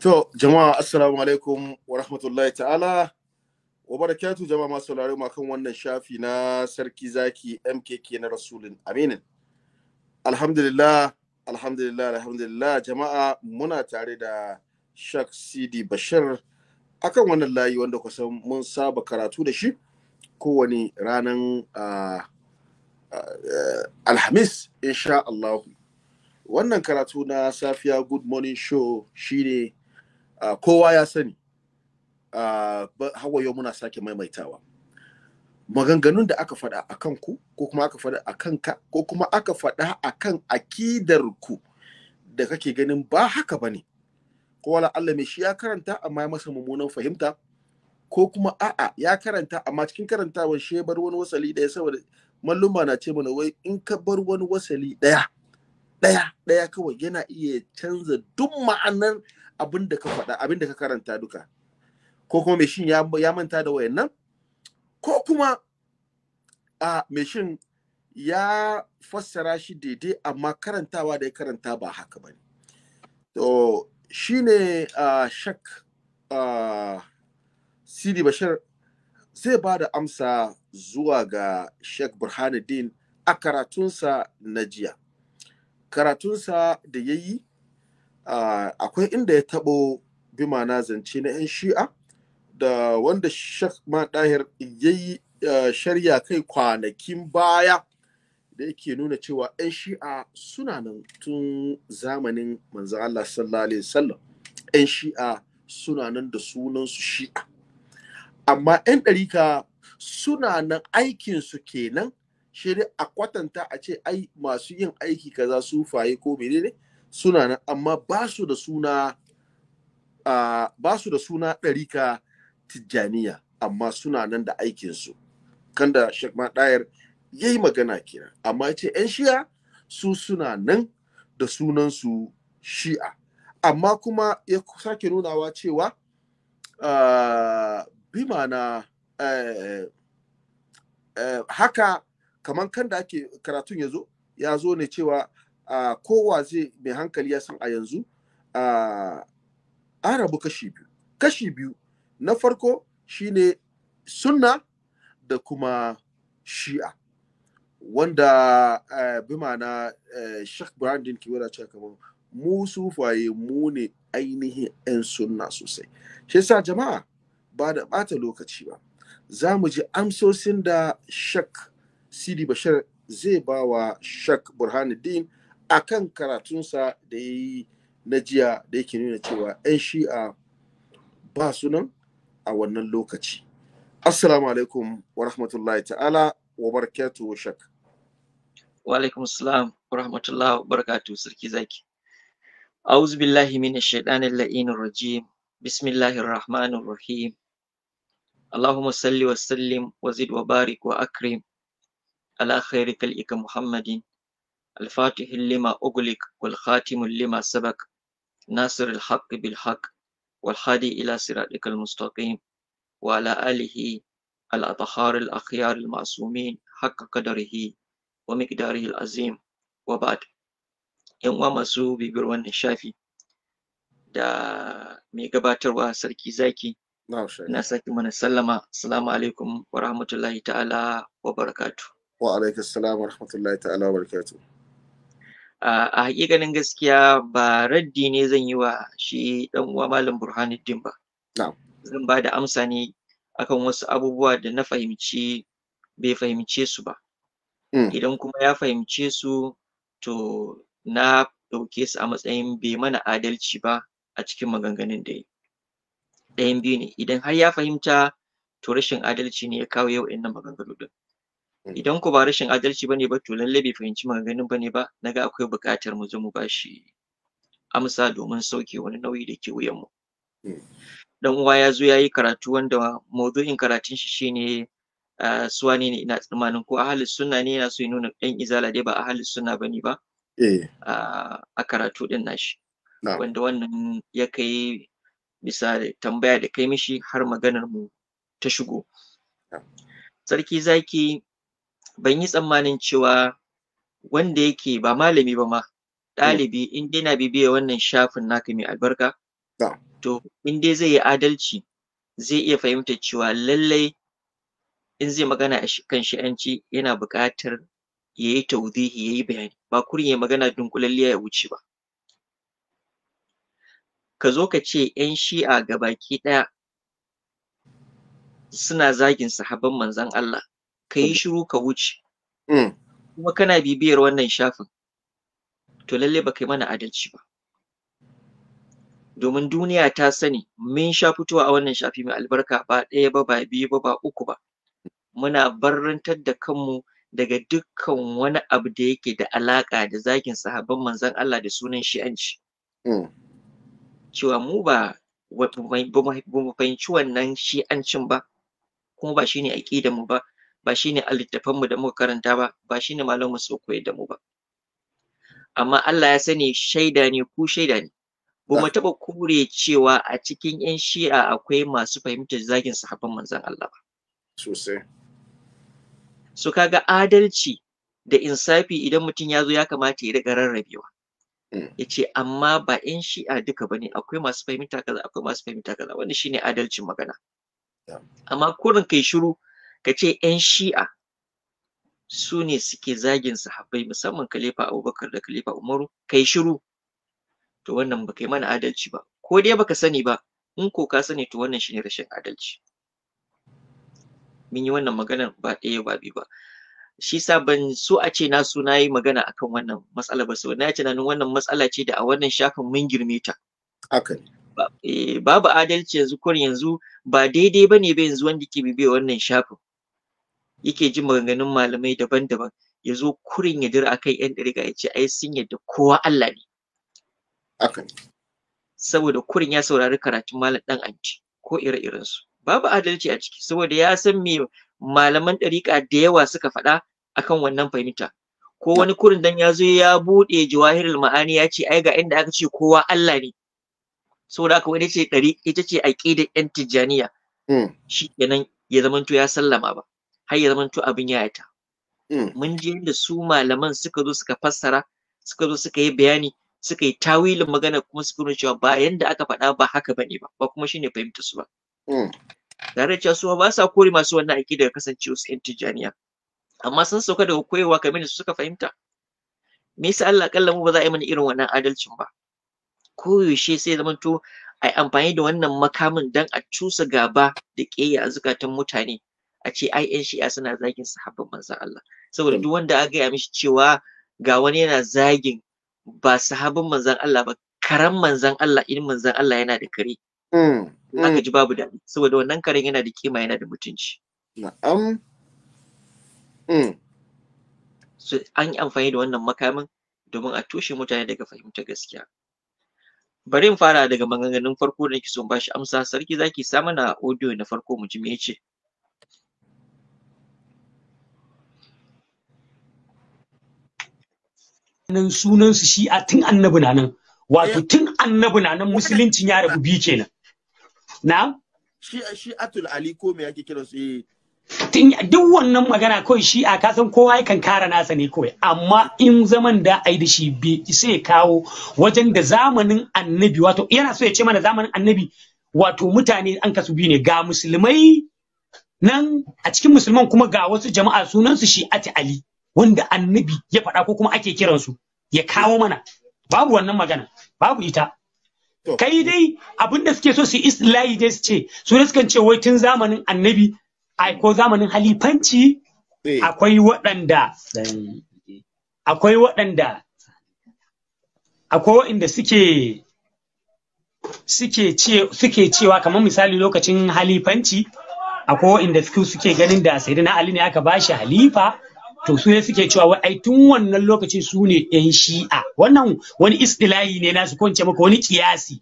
To, jama'a assalamu alaikum wa rahmatullahi ta'ala. Wa barakatu jama'a masu saurare ma kan wannan shafi na sarki zaki MKK na Rasulun Aminin. Alhamdulillah, alhamdulillah, alhamdulillah jama'a muna tare da Shak Sidi Bashir akan wannan layi wanda kusan mun saba karatu da shi kowane ranar uh, Alhamis, insha Allah. Wannan karatu na Safiya Good Morning Show shine Ah, kowa ya sani ah, hawa yau muna sake maimaitawa maganganun da aka faɗa a kanku ko kuma aka faɗa a kanka ko kuma aka faɗa a kan ku da kake ganin ba haka ba ne ko wala Allah mai shi ya karanta amma ya masa mummunan fahimta ko kuma a'a ya karanta amma cikin karantawan shi ya bar wani wasali ɗaya saboda malluma na ce mana wai in ka bar wani wasali ɗaya ɗaya ɗaya kawai yana iya canza duk ma'anar abin da ka faɗa abin da ka karanta duka ko kuma mai shin ya manta da wayan nan ko kuma a mai shin ya fassara shi daidai amma karantawa da ya karanta ba haka ba ne to shi ne shak sidi bashir zai ba da amsa zuwa ga shek burhanuddin a karatunsa na jiya karatunsa da ya yi akwai inda ya taɓo bima na zance na 'yan shi'a da wanda shek ɗahir ya yi shari'a kai kwanakin baya da yake nuna cewa 'yan shi'a suna nan tun zamanin manzan Allah sallallahu alaihi sallam 'yan shi'a suna nan da sunansu shi'a amma 'yan ɗarika suna nan aikinsu kenan shi a kwatanta a ce ai masu yin aiki kaza su faye ko menene suna nan amma ba su da suna uh, ba ɗarika tijjaniya amma suna nan da aikinsu kan da shekma ɗayar ya yi magana kira amma ce 'yan shi'a su suna nan da sunansu shi'a amma kuma ya sake nunawa cewa uh, bima na eh, eh, eh, haka kamar kan da ake karatun ya zo ya zo ne cewa kowa zai mai hankali ya san a yanzu A rabu kashi biyu kashi biyu na farko shine sunna da kuma shi'a wanda Bimana, bi ma'ana shek brandin kiwara wadace kamar mu sufaye mu ne ainihin 'yan sunna sosai shi sa jama'a ba da ɓata lokaci ba za mu ji amsosin da shek. Sidi Bashir zai ba wa Shak Burhanuddin a kan karatunsa da ya yi na jiya da yake nuna cewa 'yan shi'a ba su nan a wannan lokaci. Assalamu alaikum wa rahmatullahi ta'ala wa wa Shak. Wa alaikum salam wa rahmatullahi wa barakatuhu sarki zaki. أعوذ la'inin من bismillahir اللئين rahim. Allahumma salli wa sallim wa zid wa barik wa akrim. على خير خلق محمد الفاتح لما أغلق والخاتم لما سبق ناصر الحق بالحق والهادي إلى صراطك المستقيم وعلى آله الأطهار الأخيار المعصومين حق قدره ومقداره العظيم وبعد yan masu bibiyar wannan shafi da mai gabatarwa sarki zaki na saki mana sallama assalamu alaikum wa rahmatullahi ta'ala wa barakatu wa alaikassalam wa rahmatullahi ta'ala wa barakatuh a hakikanin gaskiya ba raddi ne zan yi wa shi dan uwa malam burhanuddin ba zan ba da amsa ne akan wasu abubuwa da na fahimci bai fahimce su ba mm. idan kuma ya fahimce su to na ɗauke su a matsayin bai mana adalci ba a cikin maganganun da yi ɗayan biyu ne idan har ya fahimta to rashin adalci ne ya kawo yau innan maganganu din Mm. idan ku ba rashin adalci bane ba to lallai bai fahimci maganganun ne ba na ga akwai buƙatar mu zo mu bashi amsa domin sauke wani nauyi da ke wuyan mu mm. dan uwa ya zo ya yi karatu wanda maudu'in karatun shi shine su wane ne ina tsammanin ko ahalus sunna ne yana so ya nuna ɗan izala dai ba ahalus sunna ne ba eh. a karatu din nashi wanda wannan ya kai bisa tambaya da kai mishi har maganar mu ta shigo sarki zaki ban yi tsammanin cewa wanda yake ba malami ba ma ɗalibi hmm. in dai na bibiya wannan shafin naka mai albarka to in dai zai yi adalci zai iya fahimtar cewa lallai in zai magana a kan shi'anci yana buƙatar ya yi taudihi ya yi bayani ba kurin ya magana dunkulalliya ya wuce ba ka zo ka ce 'yan shi'a ga baki ɗaya suna zagin sahabban manzon Allah ka yi shiru ka wuce mm. kuma kana bibiyar wannan shafin to lalle ba kai mana adalci ba domin duniya ta sani mun sha fitowa a wannan shafi mai albarka ba ɗaya ba ba biyu ba ba uku ba muna barrantar da kanmu daga dukkan wani abu da yake da alaƙa da zagin sahabban manzon Allah da sunan shi'anci mm. cewa mu ba ba mu fahimci wannan shi'ancin ba kuma ba shine aƙidar mu ba ba shine a littafanmu da muka karanta ba ba shine malamin su koyar da mu ba amma Allah ya sani shaida ne ku shaida ne ba mu taɓa kure cewa a cikin 'yan shi'a akwai masu fahimtar zagin sahabban manzon Allah ba sosai so kaga adalci da insafi idan mutum ya zo ya kamata ya riga rarrabewa mm. ya ce amma ba 'yan shi'a duka ba ne akwai masu fahimta kaza akwai masu fahimta kaza wannan shine adalcin magana amma kurin kai shiru ka ce ‘yan shi'a su ne suke zagin sahabbai musamman kalifa abubakar da kalifa umaru kai shiru to wannan ba kai mana adalci ba ko dai baka sani ba in ko ka sani to wannan shine rashin adalci mun yi wannan maganar ba ɗaya ba biyu ba shi sa ban so a ce na so na yi magana akan wannan matsala ba so na tunanin wannan matsala ce da a wannan shafin mun girme ta haka eh, babu adalci yanzu kurin yanzu ba daidai ba ne ba yanzu wanda ke bibiya wannan shafin yake ji maganganun malamai daban-daban ya zo kurin ya dira akai yan ɗariƙa ya ce ai sun yadda kowa Allah ne saboda kurin ya saurari karatun malam ɗan anci ko ire-irensu babu adalci a ciki saboda ya san me malaman ɗariƙa da yawa suka faɗa akan wannan fahimta ko wani kurin dan ya zo ya buɗe jawahirul ma'ani ya ce ai ga inda aka ce kowa Allah ne saboda haka wani ce ɗari ita ce aƙidar yan tijjaniya hmm. shi kenan ya zamanto ya sallama ba har ya zamanto abin ya ta mm. mun ji yadda su malaman suka zo suka fassara suka zo suka yi bayani suka yi tawilin magana kuma suka nuna cewa ba yanda aka faɗa ba haka bane ba ba kuma shine fahimta su ba mm. tare da cewa su ba sa kore masu wannan aiki daga kasancewa su yan tijjaniya amma sun sauka daga koyewa kamar da suka fahimta me yasa Allah kallon mu ba za a yi mana irin wannan adalcin ba koyaushe sai zamanto a yi amfani da wannan makamin don a cusa gaba da ƙeya a zukatan mutane a ce ai yan shi'a suna zagin sahabban manzon Allah saboda hmm. duk wanda aka gaya mishi cewa ga wani yana zagin ba sahabban manzon Allah ba karan manzon Allah in manzon Allah yana da kare hmm, aka hmm. ji babu daɗi saboda wannan karen yana da kima yana da mutunci na'am so an yi amfani da wannan makamin domin a toshe mutane daga fahimta gaskiya bari in fara daga maganganun farko da nake son bashi amsa sarki zaki samu na audio na farko mu ji me yace nan sunan su a tun annabi na nan wato eh. tun annabi na nan musuluncin ya rabu biyu kenan na shi atul ali ko me yake kira su eh. tun duk wannan magana kawai shi'a ka san kowa yakan kara nasa ne kawai amma in zaman da ai da shi be sai ya kawo wajen da zamanin annabi wato yana so ya ce mana zamanin annabi wato mutane an kasu biyu ne ga musulmai nan a cikin musulman kuma ga wasu jama'a sunansu ati ali wanda annabi ya faɗa ko kuma ake kiransu ya kawo mana babu wannan magana babu ita kai dai abin da suke so su islahi dai su ce su da sukan ce wai tun zamanin annabi ko zamanin halifanci eh. akwai waɗanda akwai waɗanda akwai waɗanda suke suke ce suke cewa kamar misali lokacin halifanci akwai waɗanda suke ganin da sayyidina ali ne aka bashi halifa to su ne suke cewa wai tun wannan lokacin su ne yan shi'a wannan wani istilahi ne na su kwance maka wani kiyasi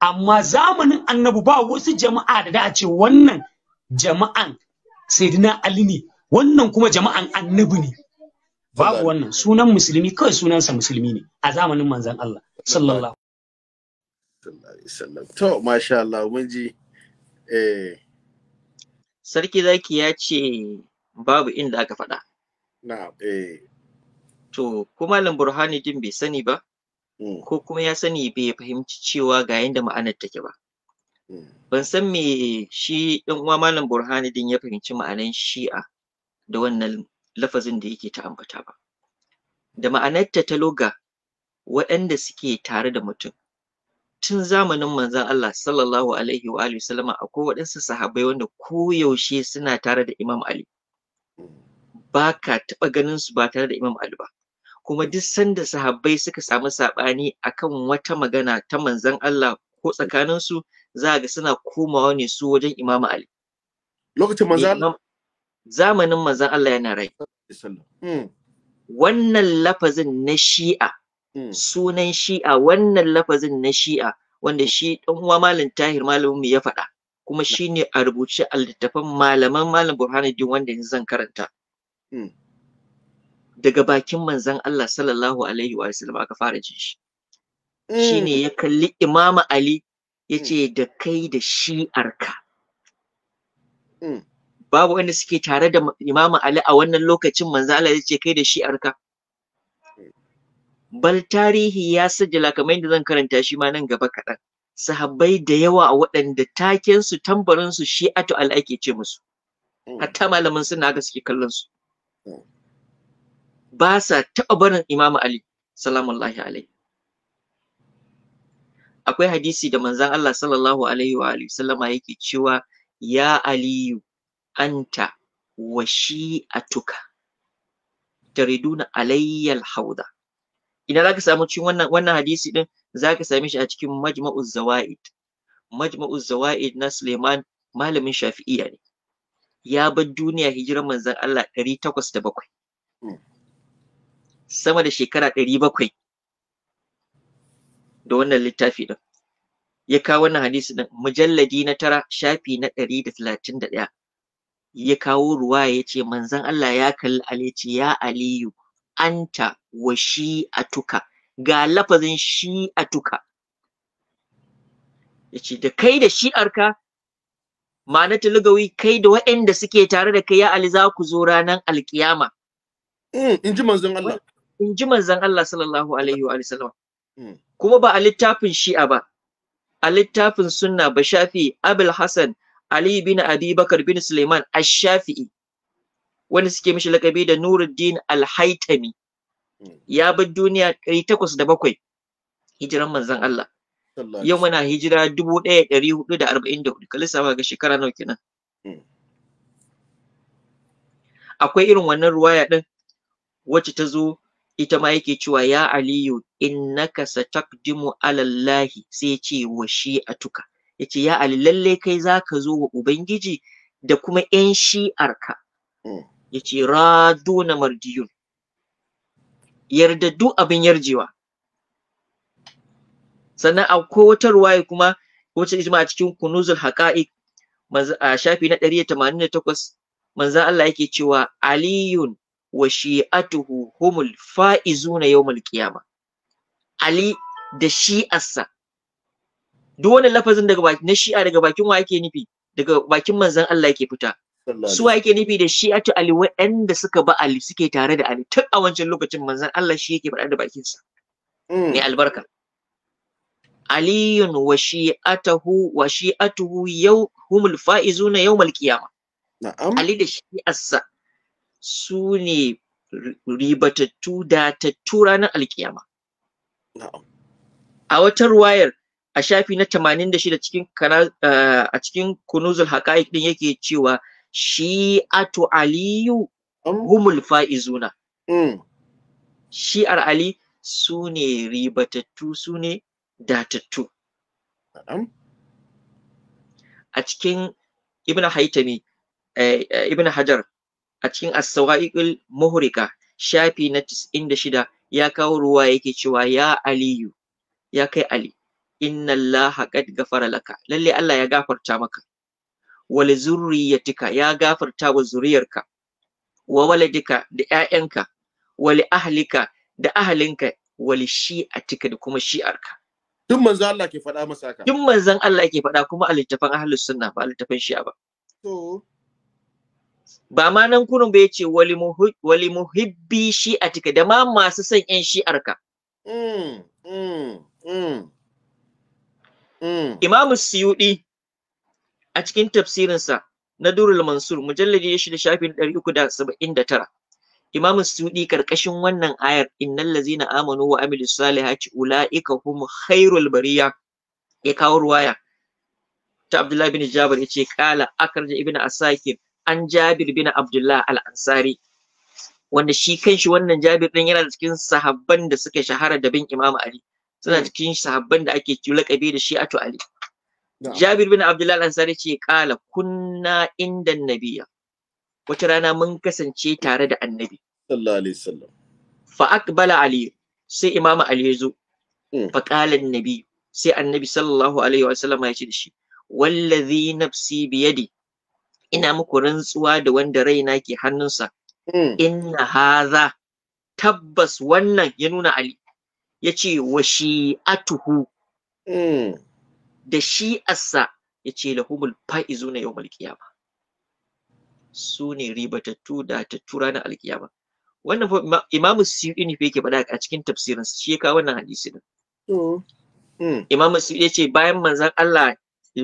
amma zamanin annabu ba wasu jama'a da da a ce wannan jama'an sayyidina ali ne wannan kuma jama'an annabi ne babu wannan sunan musulmi kawai sunansa musulmi ne a zamanin manzon Allah sallallahu alaihi wasallam to masha Allah mun ji eh sarki zaki ya ce babu inda aka faɗa Eh. To, ko Malam din bai sani ba? Hmm. Ko kuma ya sani bai fahimci cewa ga yanda ma'anar take ba. Hmm. Ban san me shi ɗan uwa Malam din ya fahimci ma'anar Shi'a da wannan lafazin da yake ta ambata ba. Da ma'anarta ta loga waɗanda suke tare da mutum. tun zamanin manzon Allah sallallahu alaihi wa alihi sallama akwai waɗansu sahabbai wanda koyaushe suna tare da Imam Ali. Hmm. baka taɓa ganin su ba tare da Imam Ali ba kuma duk sanda sahabbai suka samu saɓani akan wata magana ta manzon Allah ko tsakanin su za ga suna komawa ne su wajen Imam Ali lokacin manzon zamanin manzon Allah yana rai hmm. wannan lafazin na shi'a hmm. sunan shi'a wannan lafazin na shi'a wanda shi ɗan uwa malam tahir malamin mu ya faɗa kuma shine a rubuce a littafin malaman malam burhanuddin wanda yanzu zan karanta Hmm. daga bakin manzon Allah sallallahu alaihi wa aka fara ji shi shine hmm. ya kalli imama Ali yace hmm. da kai da shi'arka babu wanda suke tare da imama Ali a wannan lokacin manzon Allah ce kai da shi arka? bal tarihi ya sajjala kamar yadda zan karanta shi ma nan gaba kaɗan sahabbai da yawa waɗanda takensu su tambarin su shi'atu al ake ce musu hatta malamin suna ga suke kallon su ba sa taɓa barin imamu ali salamullahi alaihi akwai hadisi da manzan Allah sallallahu alaihi wa alihi sallama yake cewa ya aliyu anta wa shi'atuka tariduna alayyal hauda za ka samu cikin wannan wannan hadisi din ka same shi a cikin majma'uz zawaid majma'uz zawaid na Suleiman malamin Shafi'iyya ne ya bar duniya hijirar manzon Allah ɗari takwas da bakwai. Sama da shekara ɗari bakwai da wannan littafi ɗin. Ya kawo wannan hadisi ɗin mujalladi na tara shafi na ɗari da talatin da ɗaya. Ya kawo ruwa ya ce manzon Allah ya kalli Ali ya Aliyu anta wa shi tuka, ga lafazin shi'atuka. ya ce da kai da shi arka Ma'ana lugawi kai da waɗanda suke tare da kai ya ali za ku zo ranar alkiyama mm, in ji manzon Allah in ji manzon Allah sallallahu alaihi wa sallam mm. kuma ba a littafin shi'a ba a littafin sunna ba shafi abul hasan ali bin abi bakar bin suleiman ash-shafi'i wanda suke mishi lakabi da nuruddin al-haitami mm. ya bar duniya da bakwai, hijiran manzon Allah yau mana hijira dubu ɗaya ɗari hudu da arba'in da hudu kalisa ba ga shekara nawa kenan hmm. akwai irin wannan ruwaya ɗin wacce ta zo ita ma yake cewa ya aliyu innaka sataqdimu ala sai ya ce wa shi a tuka? ya ce ya ali lalle kai za ka zo wa ubangiji da kuma yan shi'arka hmm. ya ce raduna mardiyun yarda duk abin yarjewa sannan akwai wata ruwaya kuma wacce ijma a cikin kunuzul haqa'iq a shafi na 188 manzo Allah yake cewa aliyun wa shi'atuhu humul faizuna yawmal qiyama ali da shi'arsa duk wannan lafazin daga na shi'a daga bakin wa yake nufi daga bakin manzon Allah yake fita su wa yake nufi da shi'atu ali waɗanda suka ba ali suke tare da ali tun a wancan lokacin manzon Allah shi yake faɗa da bakinsa ne hmm. albarka aliyun wa shi'atahu wa shi'atuhu yau humul fa'izuna na yau na'am ali da shi'arsa su ne ribatattu da tattu ranar alkiyama a wata ruwayar a shafi na 86 cikin kana a cikin kunuzul haqaiq din yake cewa shi'atu aliyu humul fa'izuna mm. shi'ar ali su ne ribatattu su ne datattu a cikin ibn haitami eh, eh, ibn hajar a cikin as-sawa'iqul shafi na 96 ya kawo ruwa yake cewa ya aliyu ya kai ali inna allaha qad ghafara laka lalle Allah ya gafarta maka wal zurriyatika ya gafarta wa zuriyarka wa waladika da 'ya'yanka, wali ahlika da ahlinka wali shi'atika da kuma shi'arka Duk manzon Allah ke faɗa masa haka. Duk manzon Allah ke faɗa kuma a littafin ahlus sunna ba a littafin shi'a ba. To. Ba ma nan kunun ba ce wali wali muhibbi shi'atika da ma masu son yan shi'arka. Mm, mm, mm, mm. Imam a cikin tafsirinsa na Durul Mansur mujalladi ya shida shafin 379 Imam Sudi karkashin wannan ayar innal ladzina amanu wa amilus salihati ulaika hum khairul bariya ya kawo ruwaya ta Abdullahi bin Jabir yace kala akarja ibn Asakir an Jabir bin Abdullah al-Ansari wanda shi kanshi wannan Jabir din yana cikin sahabban da suka shahara da bin Imam Ali suna hmm. cikin sahabban da ake lakabi da shi ato Ali Jabir bin Abdullah al-Ansari ce kala kunna inda nabiya wata rana mun kasance tare da annabi sallallahu alaihi wasallam fa aqbala ali sai ali ya zo hmm. fa qala annabi sai annabi sallallahu alaihi wasallam ya ce da shi wallazi nafsi biyadi ina muku rantsuwa da wanda raina ke hannunsa hmm. inna haza tabbas wannan ya nuna ali ya ce wa shi'atuhu hmm. da shi'arsa ya ce lahumul fa'izu na yawmal qiyama su ne ribatattu da tattu ranar alkiyama wannan Imam Suyuti ne yake faɗa a cikin tafsirin shi ya kawo wannan hadisi din hmm. Imam ya ce bayan manzan Allah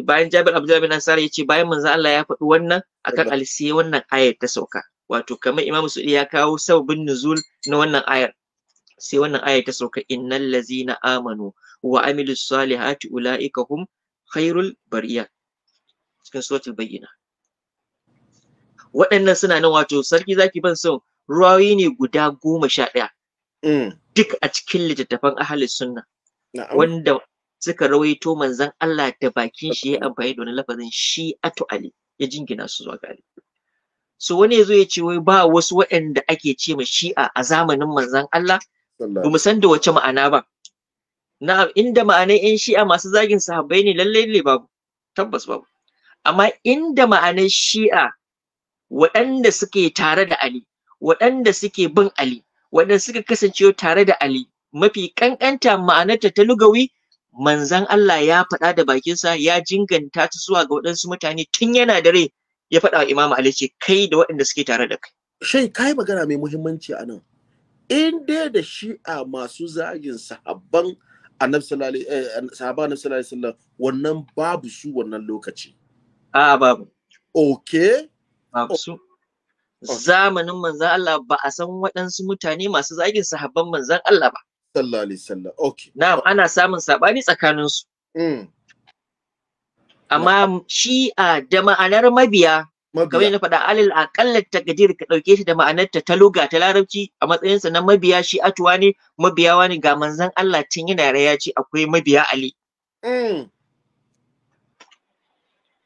bayan Jabir Abdullah bin ya ce bayan manzan Allah ya faɗi wannan akan alsiye wannan ayar ta sauka wato kamar Imam Suyuti ya kawo sabbin nuzul na wannan ayar sai wannan ayar ta sauka innal na amanu wa amilus salihati ulaika hum khairul bariya cikin suratul bayyina waɗannan suna nan wato sarki zaki ban son ruwayoyi ne guda goma sha ɗaya mm. duk a cikin littattafan ahli sunna wanda suka rawaito manzon Allah da bakin shi ya amfani da wani lafazin shi atu ali ya jingina su zuwa gari so wani ya zo ya ce wai ba wasu waɗanda ake ce ma shi'a a zamanin manzon Allah ba mu san da wace ma'ana ba na inda ma'anan yan shi'a masu zagin sahabbai ne lallai ne babu tabbas babu amma inda ma'anan shi'a waɗanda suke tare da Ali waɗanda suke bin Ali waɗanda suka kasance tare da Ali mafi ƙanƙanta ma'anarta ta lugawi manzan Allah ya faɗa da bakinsa ya jinganta ta zuwa ga waɗansu mutane tun yana da rai ya faɗa wa Imam Ali ce kai da waɗanda suke tare da kai. Shai kai magana mai muhimmanci a nan. In dai da shi'a masu zagin sahabban annabi sallallahu alaihi eh, wasallam wannan babu su wannan lokaci. A babu. Okay. Babu su. Oh. zamanin manzan Allah ba a san waɗansu mutane masu zagin sahabban manzan Allah ba. Sallallahu alaihi wasallam. Okay. Na'am oh. ana samun sabani tsakaninsu. Mm. Amma shi a da ma'anar mabiya kamar na faɗa alal ƙallar takdir ka ɗauke shi da ma'anarta ta luga ta larabci a matsayinsa na mabiya shi atuwa ne mabiyawa wani ga manzan Allah tun yana raya ce akwai mabiya Ali. Mm.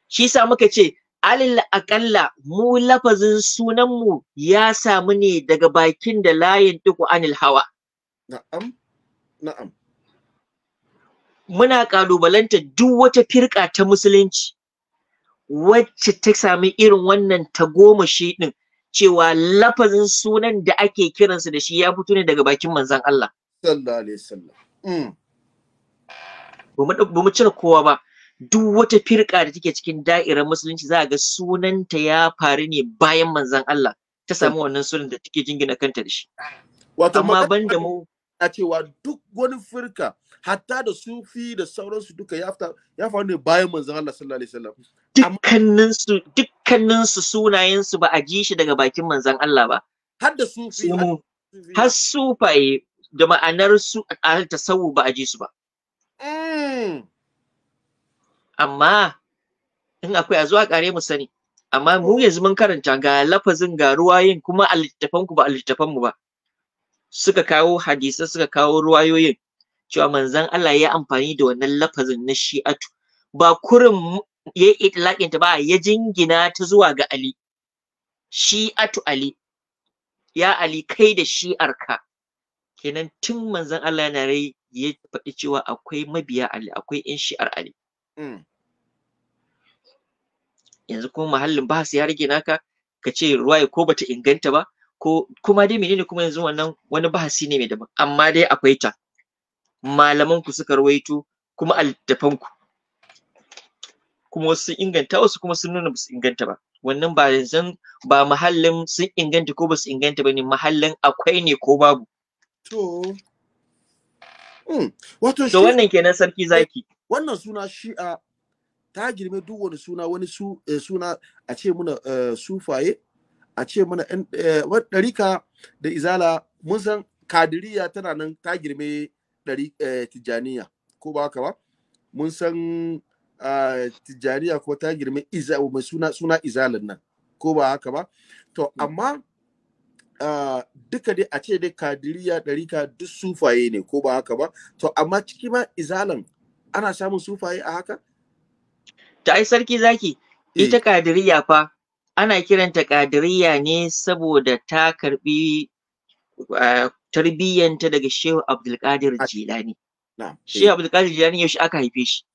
Shi sa muka ce alil Akalla, mu lafazin sunanmu ya samu ne daga bakin da layin duku anil hawa. Na'am, na'am. Muna ƙalubalanta duk wata firƙa ta musulunci wacce ta sami irin wannan tagomashi ɗin cewa lafazin sunan da ake kiransa da shi ya fito ne daga bakin manzan Allah. Sallallahu Alaihi Wasallam. Mm. Ba mu cire kowa ba. duk wata firka da take cikin da'irar musulunci za a ga sunanta ya faru ne bayan manzan Allah ta samu wannan sunan da take jingina kanta da shi wato ban da mu a cewa duk wani firka hatta da sufi da sauransu duka ya faru ne bayan manzan Allah sallallahu alaihi wasallam dukkanin su dukkanin su sunayen su ba a ji shi daga bakin manzan Allah ba har da sufi har sufaye da ma'anar su a tasawu ba a ji su ba mm. amma in akwai a zuwa kare mu sani amma mu yanzu mun karanta ga lafazin ga ruwayin kuma a ku ba a mu ba suka kawo hadisai suka kawo ruwayoyin cewa manzon Allah ya amfani da wannan lafazin na shi'atu ba kurin ya yi ta ba ya jingina ta zuwa ga Ali shi'atu Ali ya Ali kai da shi'arka kenan tun manzon Allah yana rai ya faɗi cewa akwai mabiya Ali akwai in shi'ar Ali Mm. Yanzu kuma muhallin bahas ya rage naka ka ce ruwa ko bata inganta ba ko kuma dai menene kuma yanzu wannan wani bahasi ne mai daban amma dai akwai ta malaman ku suka rawaito kuma altafan ku kuma wasu sun inganta wasu kuma sun nuna basu inganta ba wannan ba yanzu ba muhallin sun inganta ko basu inganta ba ne akwai ne ko babu to mm, wato shi wannan kenan sarki zaki wannan suna shi'a ta girme duk wani suna wani su, eh, suna a ce muna eh, sufaye a ce muna eh, ɗarika da izala mun san kadiriya tana nan ta girme eh, tijjaniya ko ba haka ba mun san tijjaniya ko ta girme mai suna suna izalin nan ko ba haka ba to hmm. amma duka dai a ce dai kadiriya ɗarika duk sufaye ne ko ba haka ba to amma ciki ma izalan ana samun sufaye a haka ta ai sarki zaki ita eh. kadiriya fa ana kiranta kadiriya ne saboda ta karbi tarbiyyanta daga shehu abdulkadir jilani eh. shehu abdulkadir jilani yaushe aka haife shi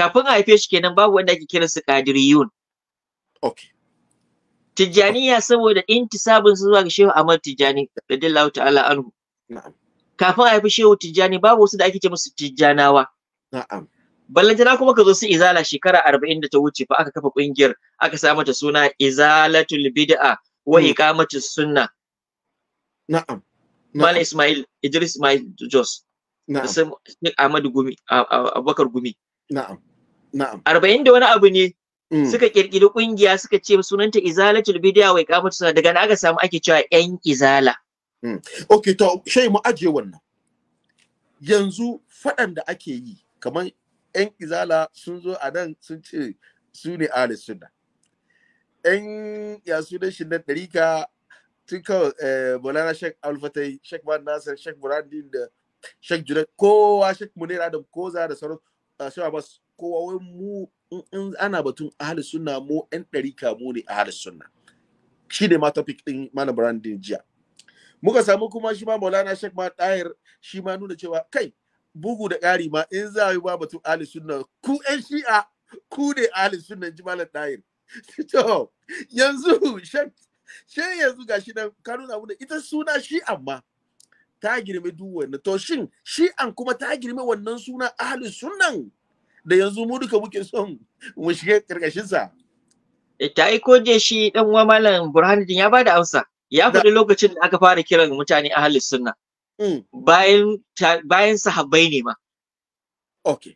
kafin a haife shi kenan babu wanda ake su kadiriyun okay Tijjaniya saboda intisabin su zuwa ga Shehu Ahmad Tijjani radiyallahu ta'ala anhu. Kafin a haifi Shehu Tijjani babu wasu da ake ce musu Tijjanawa. Na'am. jana kuma ka zo su izala shekara arba'in da ta wuce fa aka kafa ƙungiyar aka sa mata suna izalatul bid'a wa hmm. iqamatus sunna. Na'am. Malam Ismail Idris Ismail Jos. Na'am. Sai Ahmadu Gumi Abubakar Gumi. Na'am. Na'am. Arba'in da wani abu ne hmm. suka kirkiri kungiya suka ce sunanta izalatul bid'a wa iqamatu sunna daga nan aka samu ake cewa yan izala hmm. okay to shey mu aje wannan yanzu fadan da ake yi kamar yan izala sun zo a nan sun ce su ne ahli sunna yan yasu da shi na ɗarika tun kawai bolana eh, shek alfatai shek man nasir shek burandin da shek junet kowa shek munir adam koza da sauran shi abbas kowa wai mu in ana batun ahli sunna mu yan ɗarika mu ne ahli sunna shi ne ma topic din malam Burandin jiya muka samu kuma shi ma maulana shek ma ɗayar shi ma nuna cewa kai bugu da ƙari ma in za a yi ba batun Ali sunna ku ƴan shi'a ku ne Ali sunna ji malam ɗayir to yanzu she yanzu shi nan ka nuna mu ita suna shi'an ma ta girme duk wannan to shin shi'an kuma ta girme wannan suna ali sunnan da yanzu mu duka muke son mu shiga ƙarƙashin sa eh, ta aiko je shi dan uwa malam burhanuddin ya bada amsa ya faɗi lokacin da aka fara kiran mutane ahli sunna Mm. bayan bayan sahabbai ne ma okay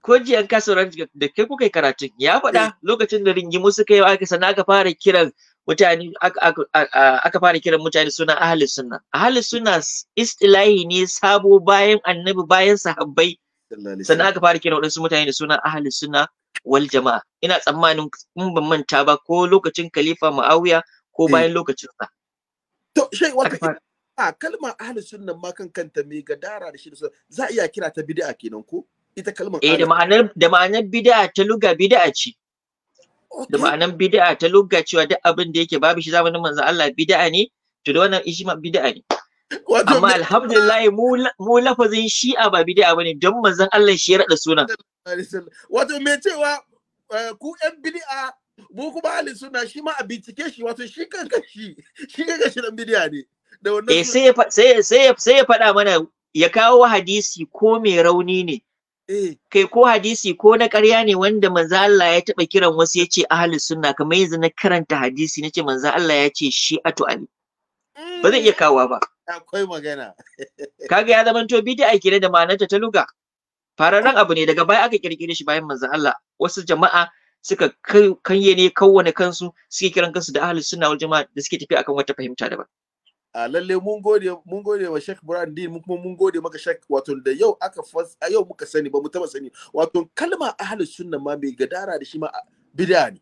ko jiyan kasa saurari da kai kuka yi karatun ya faɗa lokacin da ringimu suka yi aka sana aka fara kiran mutane aka fara kiran mutane suna ahli sunna ahli sunna istilahi ne sabo bayan annabi bayan sahabbai sannan aka fara kiran waɗansu mutane da suna ahli sunna wal jama'a ina tsammanin in ban manta ba ko lokacin khalifa muawiya ko mm. bayan lokacin sa to shai wata a kalmar ahli sunna ma kan kanta mai gadara da shi za a iya kira ta bid'a kenan ko ita kalmar eh da ma'anar da ma'anar bid'a ta luga bid'a ce da ma'anar bid'a ta luga cewa duk abin da yake babu shi zamanin manzon Allah bid'a ne to da wannan ishi ma bid'a ne amma alhamdulillah mu lafazin shi'a ba bid'a bane don manzon Allah shi ya rada sunan wato me cewa eh, ku yan bid'a mu kuma ahli sunna shi ma a bincike shi wato shi kanka shi shi kanka shi dan bid'a ne da wannan eh, sai sai sai sai ya faɗa mana ya kawo hadisi ko mai rauni ne eh. kai ko hadisi ko na ƙarya ne wanda manzo Allah ya taɓa kiran wasu ya ce ahli sunna kamar yanzu na karanta hadisi na ce manzo Allah ya ce shi a ali hmm. ba zai iya kawo ba akwai magana kaga ya zamanto bid'a kire da ma'anarta ta luga fararren abu ne daga baya aka kirkire shi bayan manzon Allah wasu jama'a suka kanye ne kowane kansu suke kiran kansu da ahlus sunna wal jama'a da suke tafi akan wata fahimta daban a ah, lalle mun gode mun gode wa Sheikh Burhan Din mun kuma mun gode maka Sheikh wato da yau aka fas a yau muka sani ba mu taba sani wato kalma ahlus sunna ma bai gadara da shi ma ah, bid'a ne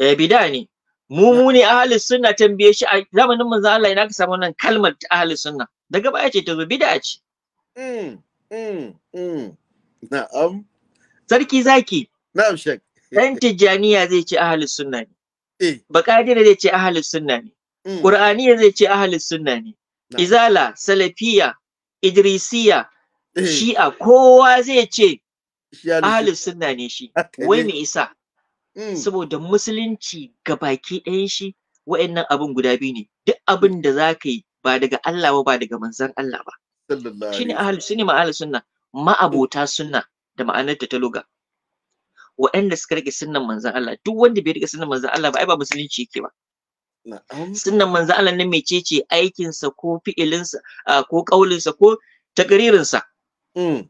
eh bid'a ne mu mu ne ahlus sunna tambaye shi a zamanin manzo Allah ina ka samu wannan kalmar ahlus sunna daga baya ce ta zo bid'a ce mm mm mm na'am sarki zaki na'am Sheikh dan tijaniya zai ce ahlus sunna ne eh bakadira zai ce ahlus sunna ne Mm. Qur'aniya zai ce Ahalis sunna ne izala salafiya idrisiya eh. shi'a kowa zai ce Ahalis sunna ne shi wai me isa mm. saboda musulunci gabaki ɗayan shi wa'annan abin guda biyu ne duk abin da za ka yi ba daga Allah ba ba daga manzan Allah ba ne ahlus sunni ma ahlus sunna ma'abota sunna da ma'anar ta taluga wa'anda suka rike sunnan manzan Allah duk wanda bai rike sunnan manzan Allah ba ai ba musulunci yake ba sunnan manzo Allah ne mecece aikin sa ko fi'ilin sa ko kaulin sa ko takririn mm.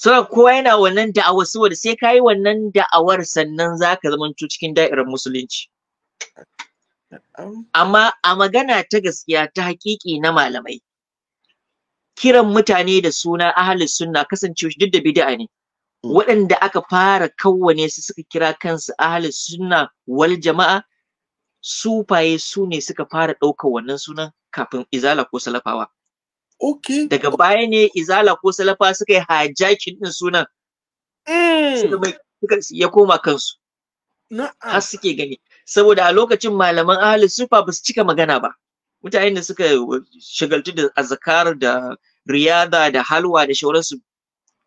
sa kowa yana wannan da'awa saboda sai kayi wannan da'awar sannan zaka zama cikin da'irar musulunci. Amma a magana ta gaskiya ta hakiki na malamai. Kiran mutane da suna ahalus sunna kasancewa duk da bid'a ne. Mm. waɗanda aka fara kawwane su suka kira kansu ahli sunna wal jama'a sufaye su ne suka fara ɗaukar wannan sunan kafin izala ko salafawa. Okay. Daga baya ne izala ko salafa suka yi hajjakin ɗin sunan. Eh. ya koma kansu. Har suke gani. Saboda a lokacin malaman ahalin sufa ba su cika magana ba. Mutane da suka shagaltu da azakar da riyada da halwa da shauransu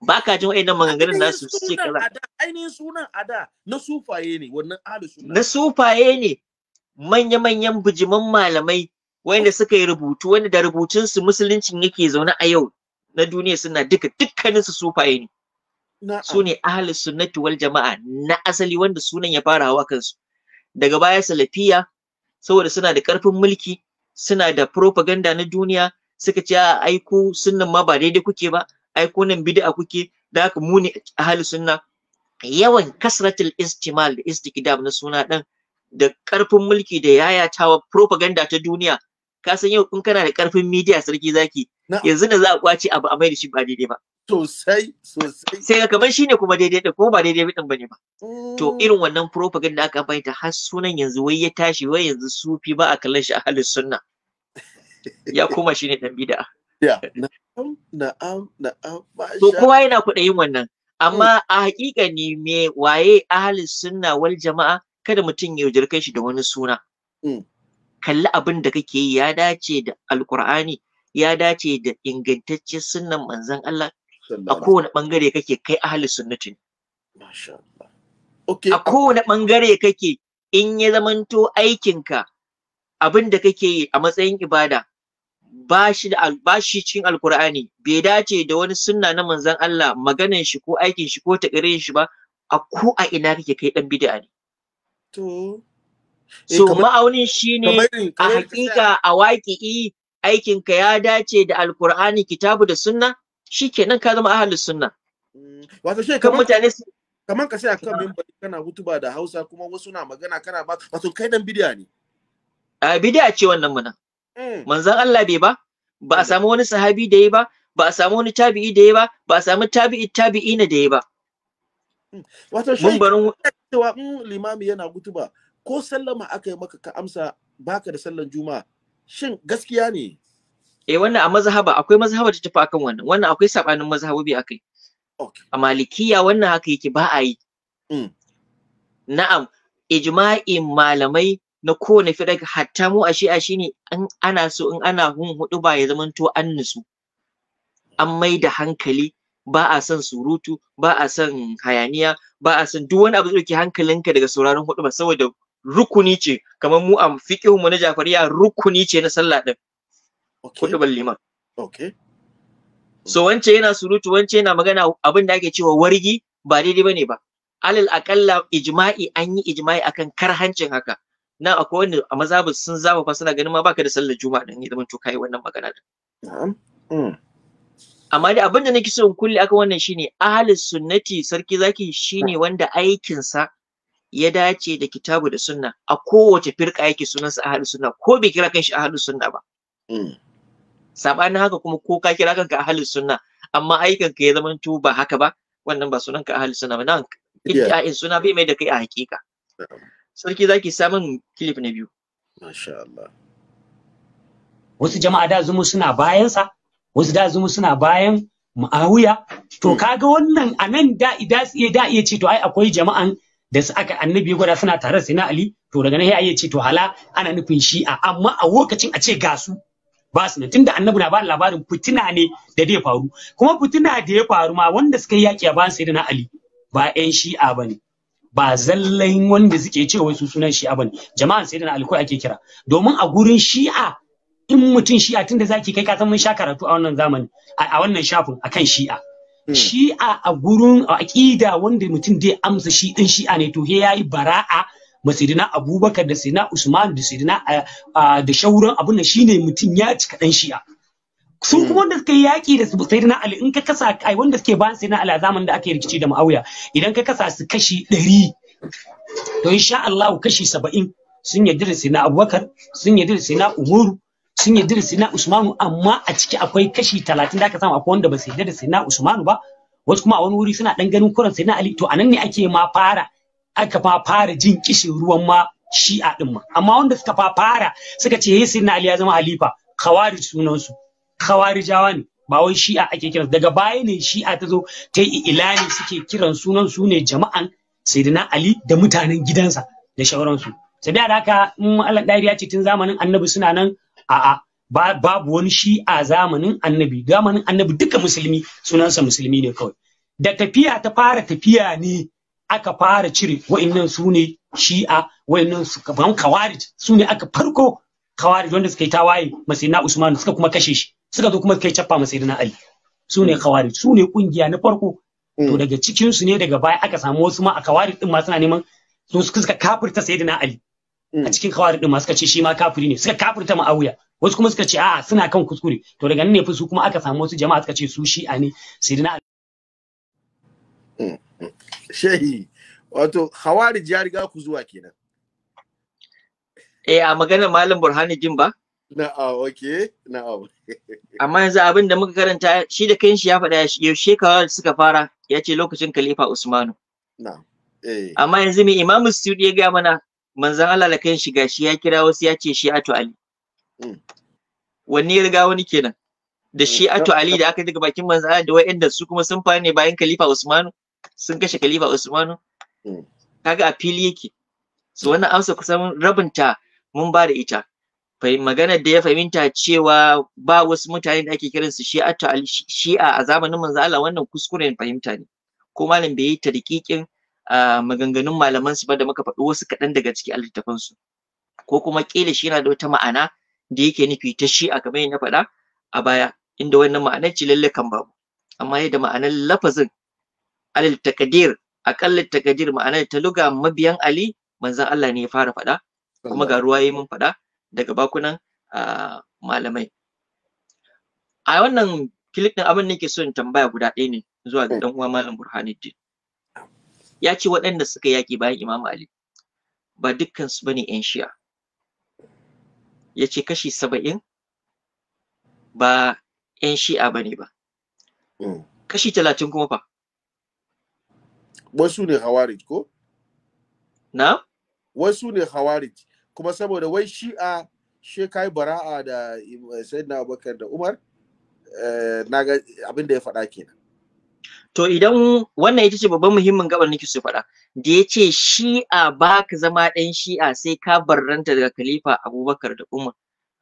ba ka jin wa'annan maganganun nasu suke kaza ainihin sunan ada na sufaye ne wannan ahlus sunan. na sufaye ne manya-manyan bijiman malamai wanda suka yi rubutu wanda da rubutunsu musuluncin yake zaune a yau na duniya suna duka dukkaninsu sufaye ne su ne ahli sunnati wal jama'a na asali wanda sunan ya fara hawa kansu daga baya salafiya saboda suna da karfin mulki suna da propaganda na duniya suka ce a aiku sunnan ma ba daidai kuke ba aiko nan bid'a kuke da haka mu ne ahli sunna yawan kasratul istimal da istikdam na suna dan da ƙarfin mulki da yayatawa propaganda ta duniya ka san yau in kana da ƙarfin media sarki zaki yanzu da za a kwace abu a mai da shi ba daidai ba sosai sosai sai kamar shine kuma daidai da kuma ba daidai din bane ba to mm. irin wannan propaganda aka bai ta har sunan yanzu wai ya tashi wai yanzu sufi ba a kallon shi a halin sunna ya kuma shine dan bid'a to kowa yana kuɗa yin wannan amma a haƙiƙa ne me waye ahli sunna wal jama'a kada mutum ya yaudar kai shi da wani suna mm. kalli abin da kake yi ya dace da Alƙur'ani, ya dace da ingantaccen sunan manzon Allah a kowane ɓangare kake kai ahli sunnati a kowane ɓangare kake in ya zamanto aikinka abin da kake yi a matsayin ibada ba shi da ba shi cikin alkur'ani bai dace da wani sunna na manzon Allah maganan shi ko aikin shi ko takirin shi ba a ko a ina kake kai dan bid'a ne to eh, so ma'aunin shine a hakika a waƙi'i aikinka ya dace da alkur'ani kitabu da sunna shikenan ka zama ahlus sunna mm, wato shi kan mutane kaman ka sai akan mimbari kana hutuba da Hausa kuma wasu na magana kana ba wato kai dan bid'a ne a bid'a ce wannan muna mm. manzon Allah bai ba ba a samu wani sahabi da yi ba ba a samu wani tabi'i da yi ba ba a samu tabi'i tabi'i na da yi ba mm, wato shi cewa in limami yana gutuba ko sallama aka yi maka ka amsa baka da sallan juma'a shin gaskiya ne eh wannan a mazhaba akwai mazhaba ta tafi akan wannan wannan akwai sabanin mazhabobi akai a malikiya wannan haka yake ba a yi mm. na'am ijma'i malamai na kowane firar hatta mu a shi'a shine an ana so in ana hun hudu ba ya zamanto an nutsu an mai da hankali ba a son surutu ba a son hayaniya ba a son duk wani abu da ke hankalinka daga sauraron hudu ba saboda rukuni ce kamar mu a fiqihun mu na Jafariya rukuni ce na sallah din Hudu bal liman so wance yana surutu wance yana magana abin da ake cewa wargi ba daidai bane ba alal akalla ijma'i an yi ijma'i akan karhancin haka na akwai wanda a mazhabin sun zaba fa suna ganin ma baka da sallar juma'a din idan to kai wannan magana din na'am hmm. amma da abin da nake so in kulle akan wannan shine ahlus sunnati sarki zaki shine wanda aikinsa ya dace da kitabu da sunna a kowace firka yake sunansa ahlus sunna ko bai kira kanshi ahlus sunna ba hmm. sabanin haka kuma ko ka kira kanka ahlus sunna amma aikin ka ya zama to ba haka ba wannan ba sunanka ahlus sunna ba nan in suna bai mai da kai a hakika sarki zaki samun clip na biyu masha Allah wasu jama'a da zumu suna bayansa wasu da zumu suna bayan ma'awuya. to hmm. kaga wannan a nan da da da iya ce to ai akwai jama'an da su aka annabi gwada suna tare sai na ali to daga nan ya ce to hala ana nufin shi'a amma a lokacin a ce ga su ba su ne tunda annabi na ba labarin fitina ne da zai faru kuma fitina da ya faru ma wanda suka yi yaki a bayan sayyidina ali ba yan shi'a bane ba zallan wanda suke cewa su sunan shi'a bane jama'an sayyidina ali ko ake kira domin a gurin shi'a in mutum shi'a tunda zaki kai kasan mun sha karatu a wannan zamani a wannan shafin akan shi'a hmm. shi'a a gurin aqida wanda mutum zai amsa shi din shi'a ne to yayi bara'a masidina abubakar da sidina usman da sidina da shauran abun nan shine mutum ya cika dan shi'a sun hmm. kuma wanda suka yi yaƙi da sayyidina ali in ka kasa ai wanda suke bayan sayyidina ali a zaman da aka yi rikici da ma'auya idan ka kasa su kashi ɗari to insha Allah kashi saba'in sun yarda da sayyidina abubakar sun yarda da sayyidina umaru sun yarda da sina usmanu amma a ciki akwai kashi talatin da aka samu akwai wanda ba su yi da sina usmanu ba wasu kuma a wani wuri suna dan ganin kuran na ali to anan ne ake ma fara aka fa fara jin kishin ruwan ma shi'a din ma amma wanda suka fa fara suka ce yayi sayyidina ali ya zama halifa khawarij sunan su khawarijawa ne ba wai shi'a ake kiransu daga baya ne shi'a ta zo ta yi ilani suke kiran sunan su ne jama'an sayyidina ali da mutanen gidansa da shauransu sabiya da haka in Allah dariya ce tun zamanin annabi suna nan a'a babu wani shi a zamanin annabi zamanin annabi duka musulmi sunansa musulmi ne kawai da tafiya ta fara tafiya ne aka fara cire wa'annan su ne shi'a wa'annan su kaman kawarij su ne aka farko kawarij wanda suka yi tawaye masina usman suka kuma kashe shi suka zo kuma suka yi cappa masina ali su ne kawarij su ne kungiya na farko to hmm. daga cikin su ne daga baya aka samu wasu ma a kawarij din ma suna neman su suka kafirta sayyidina ali a mm. cikin khawarij din ma suka ce shi ma kafiri ne suka kafirta Muawiya wasu kuma suka ce a'a suna kan kuskure to daga nan ne fa su kuma aka samu wasu jama'a suka ce su a ne sayyidina mm, mm. shehi wato khawarij ya riga ku zuwa kenan eh a maganar malam burhani jin ba na'a okay na'a amma yanzu abin da muka karanta shi da kanshi ya faɗa yaushe shekawa suka fara ya ce lokacin khalifa usmanu na'am eh. amma yanzu mai imamu studio ya gaya mana manzan Allah da kan shiga shi ya kira wasu ya ce shi shi'atu Ali. Hmm. Wanne ya riga wani kenan? Da shi hmm. shi'atu Ali da aka daga bakin manzan Allah da wayanda su kuma sun fara ne bayan Khalifa Usmanu sun kashe Khalifa Usmanu. Hmm. Kaga a fili yake. So wannan amsa kusan rabinta mun ba da ita. maganar da ya fahimta cewa ba wasu mutane da ake kiransu shi Ali, shi a zamanin manzan Allah wannan kuskuren fahimta ne ko malam bai yi tarikikin maganganun malaman su ba da muka faɗi wasu kaɗan daga ciki a su ko kuma kila shi yana da wata ma'ana da yake nufi ta shi a kamar na faɗa a baya inda wannan ma'anar ci lalle kan babu amma yadda ma'anar lafazin alil takadir aqall takadir ma'anar ta luga mabiyan ali manzon Allah ne ya fara faɗa kuma ga ruwa yayin mun faɗa daga bakunan malamai a wannan clip din abin nake so in tambaya guda ɗaya ne zuwa ga dan eh. uwa malam Burhanuddin ya ce waɗanda suka yaƙi bayan Imam Ali ba dukkansu bane ‘yan shi'a. Ya ce kashi saba'in ba ‘yan shi'a bane ba. Hmm. Kashi talatin kuma fa. Wasu ne Hawarij ko? Na? Wasu ne Hawarij kuma saboda wai shi'a shekai bara'a da Sayyidina Abubakar da Umar eh, na ga abin da ya faɗa kenan. To idan wannan ita ce babban muhimmin gabar nake so faɗa da ya ce shi'a ba ka zama ɗan shi'a sai ka barranta daga khalifa abubakar da umar.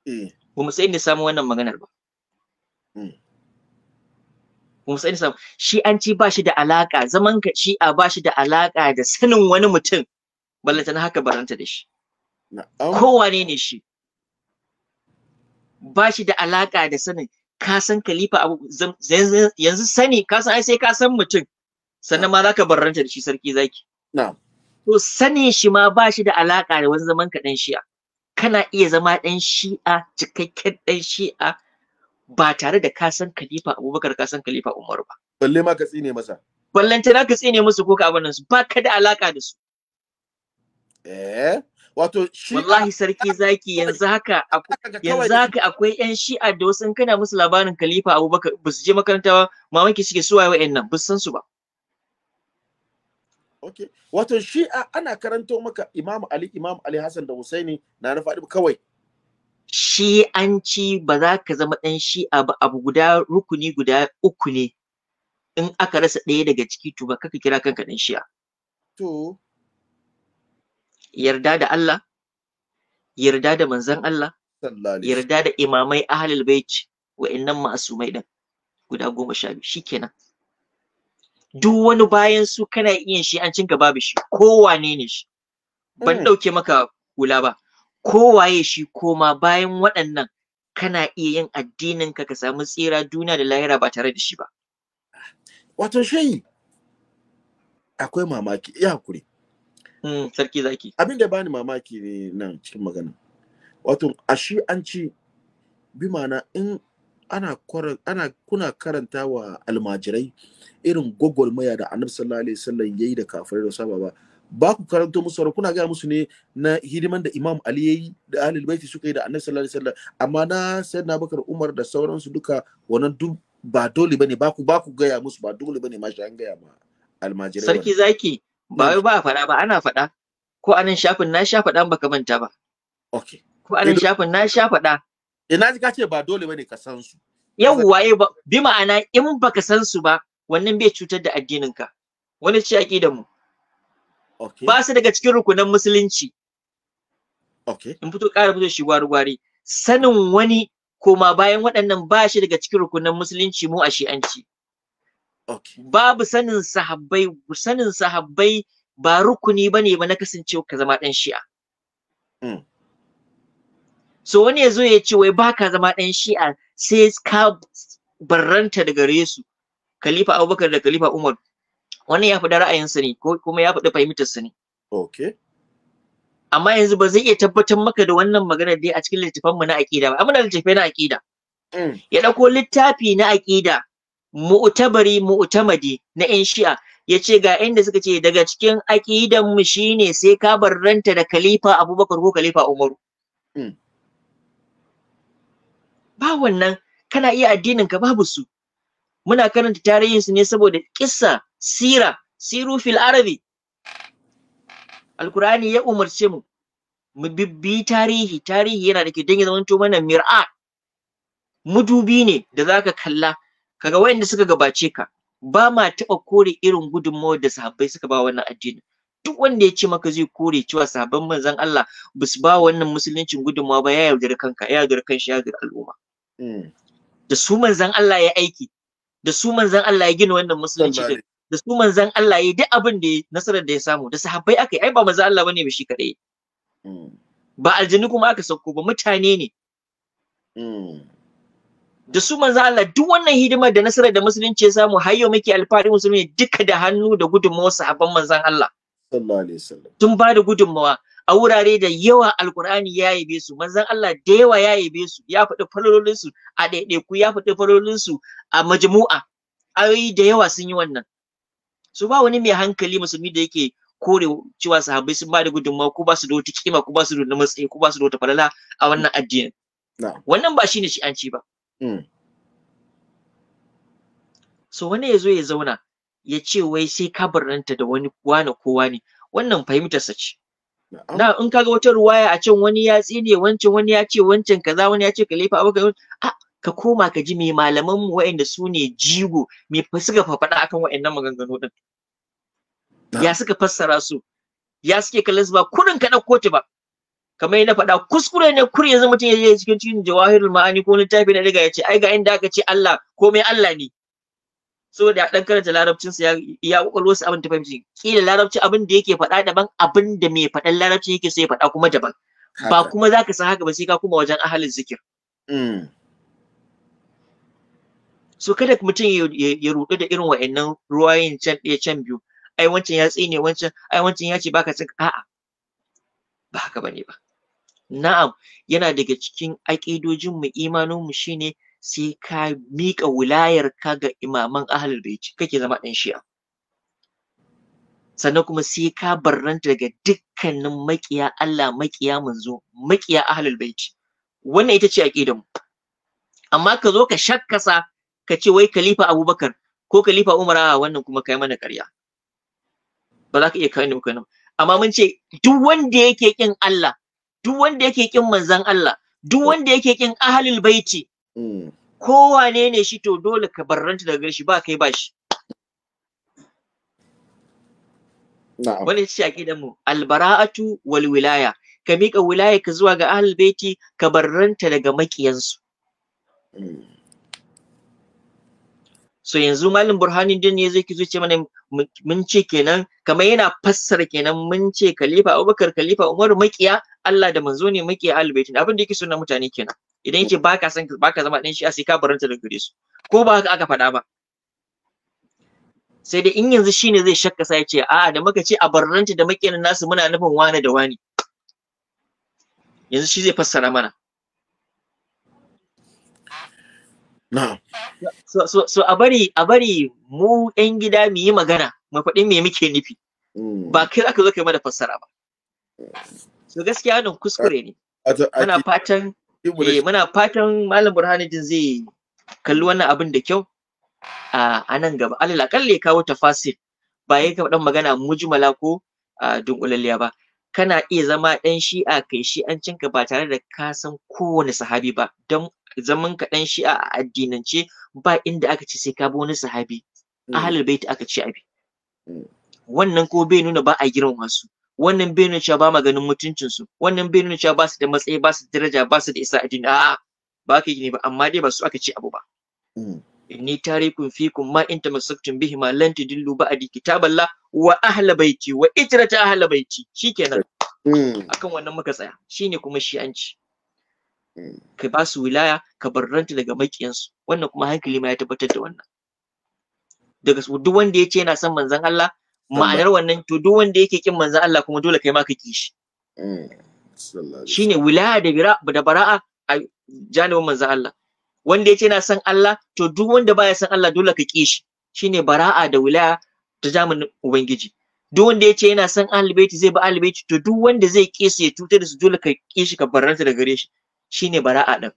Eh. Ba mu sai inda samu wannan maganar ba. Hmm. Ba mu sai inda samu. Shi'anci ba shi da alaƙa zaman ka shi'a ba shi da alaƙa da sanin wani mutum ballata na haka barranta da shi. Kowane ne shi. Ba shi da alaƙa da sanin ka san khalifa abu yanzu sani ka san ai sai ka san mutum sannan ma zaka barranta da shi sarki zaki to sani shi ma ba shi da alaka da wani zaman ka dan shi'a kana iya zama dan shi'a cikakken dan shi'a ba tare da ka san khalifa abubakar ka san khalifa umar ba balle ma ka tsine masa ballantana ka tsine musu ko ka abin su ba ka da alaka da su eh wato shi wallahi sarki zaki yanzu haka yanzu haka akwai yan shi'a da wasu kana musu labarin khalifa abubakar ba su je makaranta ba mamaki suke su waye nan. ba san su ba okay wato shi'a ana karanto maka imam ali imam ali hasan da husaini na rufa kawai shi'anci ba za ka zama ɗan shi'a ba abu guda rukuni guda uku ne in aka rasa ɗaya daga ciki to ba kaka kira kanka ɗan shi'a to yarda da Allah yarda da manzan Allah yarda da imamai ahlul nan wa'annan ma'asumai din guda goma sha biyu shi kenan. duk wani bayan su kana iya shi an cinka babu shi kowane ne shi ban eh. ɗauke maka hula ba kowaye shi koma bayan waɗannan kana iya yin addininka ka ka samu tsira duniya da lahira ba tare da shi ba wato shayi akwai mamaki ya hakuri Mm, sarki zaki abin da bani mamaki ne nan cikin magana wato a shi an ci bi mana in ana ana kuna karanta wa almajirai irin gwagwarmaya da annabi sallallahu alaihi wasallam yayi da kafirai da saba ba ba ku karanto musu kuna gaya musu ne na hidiman da imam ali yayi da ahlul baiti suka yi da annabi sallallahu alaihi wasallam amma na sayyidina bakar umar da sauransu duka wannan duk ba dole bane ba ku ba ku gaya musu ba dole bane ma shi an gaya ma almajirai sarki zaki ba wai ba a faɗa ba ana faɗa ko anan shafin na sha faɗa baka manta ba okay ko anan shafin na sha faɗa ina eh, ji ka ce ba dole bane ka san su yawwa eh ba bi ma'ana in baka san su ba wannan bai cutar da addinin ka wani ci aqidar mu okay ba su daga cikin rukunan musulunci okay in fito ƙara fito shi gwari-gwari sanin wani koma bayan waɗannan ba shi daga cikin rukunan musulunci mu a shi'anci babu sanin sahabbai sanin sahabbai ba rukuni bane ba na kasancewa ka zama dan shi'a mm. so wani ya zo ya ce wai ba ka zama ɗan shi'a sai ka barranta da gare su khalifa abubakar da khalifa umar wannan ya faɗi ra'ayinsa ne ko kuma ya fahimtar fahimtarsa ne okay amma yanzu ba zai iya tabbatar maka da wannan magana dai a cikin littafanmu na aƙida ba amma da littafai na aƙida mm. ya ɗauko littafi na aƙida mu'tabari mu'tamadi na yan shi'a ya ce ga inda suka ce daga cikin aƙidan mu shine sai ka barranta da khalifa abubakar ko khalifa umaru hmm. ba wannan kana iya addinin ka babu su muna karanta tarihin su ne saboda kissa sira siru fil arabi alkurani ya umarce mu mu bibbi tarihi tarihi yana da ke don ya zamanto mana mir'a mudubi ne da zaka kalla kaga wayanda suka gabace ka ba ma taɓa kore irin gudunmawar da sahabbai suka ba wannan addini duk wanda ya ce maka zai kore cewa sahabban manzon Allah ba su ba wannan musuluncin gudunmawa ba ya yaudari kanka ya yaudari kanshi ya yaudari al'umma hmm. da su manzon Allah ya aiki da su manzon Allah ya gina wannan musulunci da su manzon Allah ya duk abin da nasarar da ya samu da sahabbai aka yi ai ba manzon Allah bane ba shi kadai hmm. ba aljinu kuma aka sauko ba mutane ne hmm. da su manzo Allah duk wannan hidimar da nasarar da musulunci ya samu har yau muke alfahari musulmi duka da hannu da gudunmawar sahabban manzon Allah sallallahu alaihi wasallam tun ba da gudunmawa a wurare da yawa alkur'ani ya yabe su manzon Allah da yawa ya yabe su ya faɗi falolin su a ku, ya faɗi falolin su a majmu'a ayoyi da yawa sun yi wannan su ba wani mai hankali musulmi da yake kore cewa sahabbai sun ba da gudunmawa ko ba su da wata kima ko ba su da matsayi ko ba su da wata falala a wannan addinin wannan ba shine shi an ci ba Hmm. So wani ya zo ya zauna ya ce wai sai ka barranta da wani wane kowa ne wannan fahimtarsa ce. Na in kaga wata ruwaya a can wani ya tsine wancan wani ya ce wancan kaza wani ya ce ka khalifa abubakar a ka koma ka ji me malaman mu waɗanda su ne jigo me suka faɗa akan waɗannan maganganu din. Ya suka fassara su ya suke kallon su ba kurin ka ɗauko ta ba. kamar na faɗa kuskure ne kur yanzu mutum ya je cikin cikin jawahirul ma'ani ko littafi na daga ya ce ai ga inda aka ce Allah komai Allah ne so da dan karanta larabcin sa ya kwakwalwa su abin ta fahimci kila larabci abin da yake faɗa daban abin da mai faɗan larabci yake so ya faɗa kuma daban ba kuma zaka san haka ba sai ka kuma wajen ahalin zikir mm. so kada mutum ya rudu da irin wa'annan ruwayin can ɗaya can biyu ai wancan ya tsine wancan ai wancan ya ce baka tsaka a'a ba haka bane ba Na'am, yana daga cikin aƙidojinmu, imaninmu shi ne sai ka miƙa ka ga imaman ahlul baiti kake zama ɗan shi'a. Sannan kuma sai ka barranta daga dukkanin maƙiya Allah, maƙiya manzo, maƙiya ahlul baiti. Wannan ita ce aƙidanmu. Amma ka zo ka shakkasa ka ce wai Khalifa Abubakar ko Khalifa Umar a wannan kuma kai mana ƙarya. Ba za ka iya kai ni ba Amma mun ce duk wanda yake ƙin Allah duk wanda yake kin manzon Allah duk wanda yake kin ahlul baiti mm. kowane ne shi to dole ka barranta daga shi ba kai ba shi wani ce da mu albara'atu wal wilaya ka mika wilaya ka zuwa ga ahlul baiti ka barranta daga makiyansu mm. so yanzu malam din ne zai ki zuce mana mun ce kenan kamar yana fassara kenan mun ce khalifa abubakar khalifa umar makiya Allah da manzo ne muke albaitin abin da yake so na mutane kenan idan yake baka san baka zama dan shi'a sai ka baranta da gare su ko ba haka aka faɗa ba sai dai in yanzu shine zai shakka sai ya ce a'a da muka ce a baranta da nan nasu muna nufin wani da wani yanzu shi zai fassara mana Na so so so a bari a bari mu ɗan gida mu yi magana mu faɗi me muke nufi mm. ba kai aka zo kai mana fassara ba to gaskiya wannan kuskure ne muna fatan eh muna fatan malam burhanuddin zai kalli wannan abin da kyau a nan gaba alal akalla ya kawo tafasir ba yake kaɗan magana mujmala ko dunkulalliya ba kana iya zama ɗan shi'a kai shi'ancinka ba tare da ka san kowane sahabi ba dan zaman ka ɗan shi'a a addinance ba inda aka ce sai ka bi wani sahabi mm. ahlul bait aka ce abi mm. wannan ko bai nuna ba a girmama su wannan bai nuna ba ma ganin mutuncin su wannan bai nuna cewa ba su da matsayi ba su da daraja ba su da isa addini a'a ba ka ne ba amma dai ba su aka ce abu ba mm. inni tarikun fikum ma in tamassaktum bihi ma lan tudillu ba'di kitaballah wa ahla baiti wa ijrata ahla baiti shikenan mm. akan wannan muka tsaya shine kuma shi'anci mm. ka ba su wilaya ka barranta daga makiyansu wannan kuma hankali ma ya tabbatar da wannan daga duk wanda ya ce yana son manzon Allah ma'anar wannan to duk wanda yake kin manzon Allah kuma dole kai ma ka ki shi mm. shine wilaya da bira da bara'a a janibin manzon Allah wanda yake yana son Allah to duk wanda baya son Allah dole ka ki shi shine bara'a da wilaya ta jami'in ubangiji duk wanda yake yana son albaiti zai bi albaiti to duk wanda zai ki su ya tutar da su dole ka ki shi ka barranta da gare shi shine bara'a din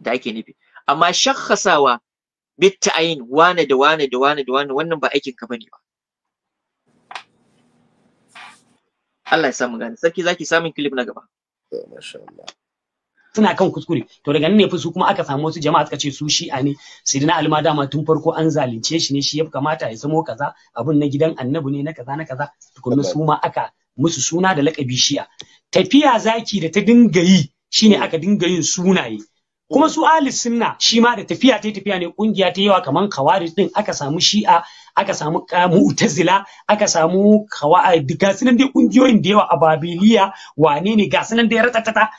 da ake nufi amma shakhasawa bit ta'ayin wane da wane da wane da wane wannan ba aikin ka bane ba Allah ya samu gani sarki zaki samun clip na gaba masha Allah suna kan kuskure to daga nan ne fa su kuma aka samu wasu jama'a suka ce su shi'a ne sayyidina ali ma dama tun farko an zalunce shi ne shi ya kamata ya samo kaza abun na gidan annabi ne na kaza na kaza tukunna su ma aka musu suna da lakabi shi'a tafiya zaki da ta dinga yi shine aka dinga yin sunaye kuma su ahli sunna shi ma da tafiya ta tafiya ne kungiya ta yawa kaman kawari din aka samu shi'a aka samu ah, mu'tazila aka samu kawai ah, ga sunan dai kungiyoyin da yawa a babiliya wane ne ga sunan dai ratatata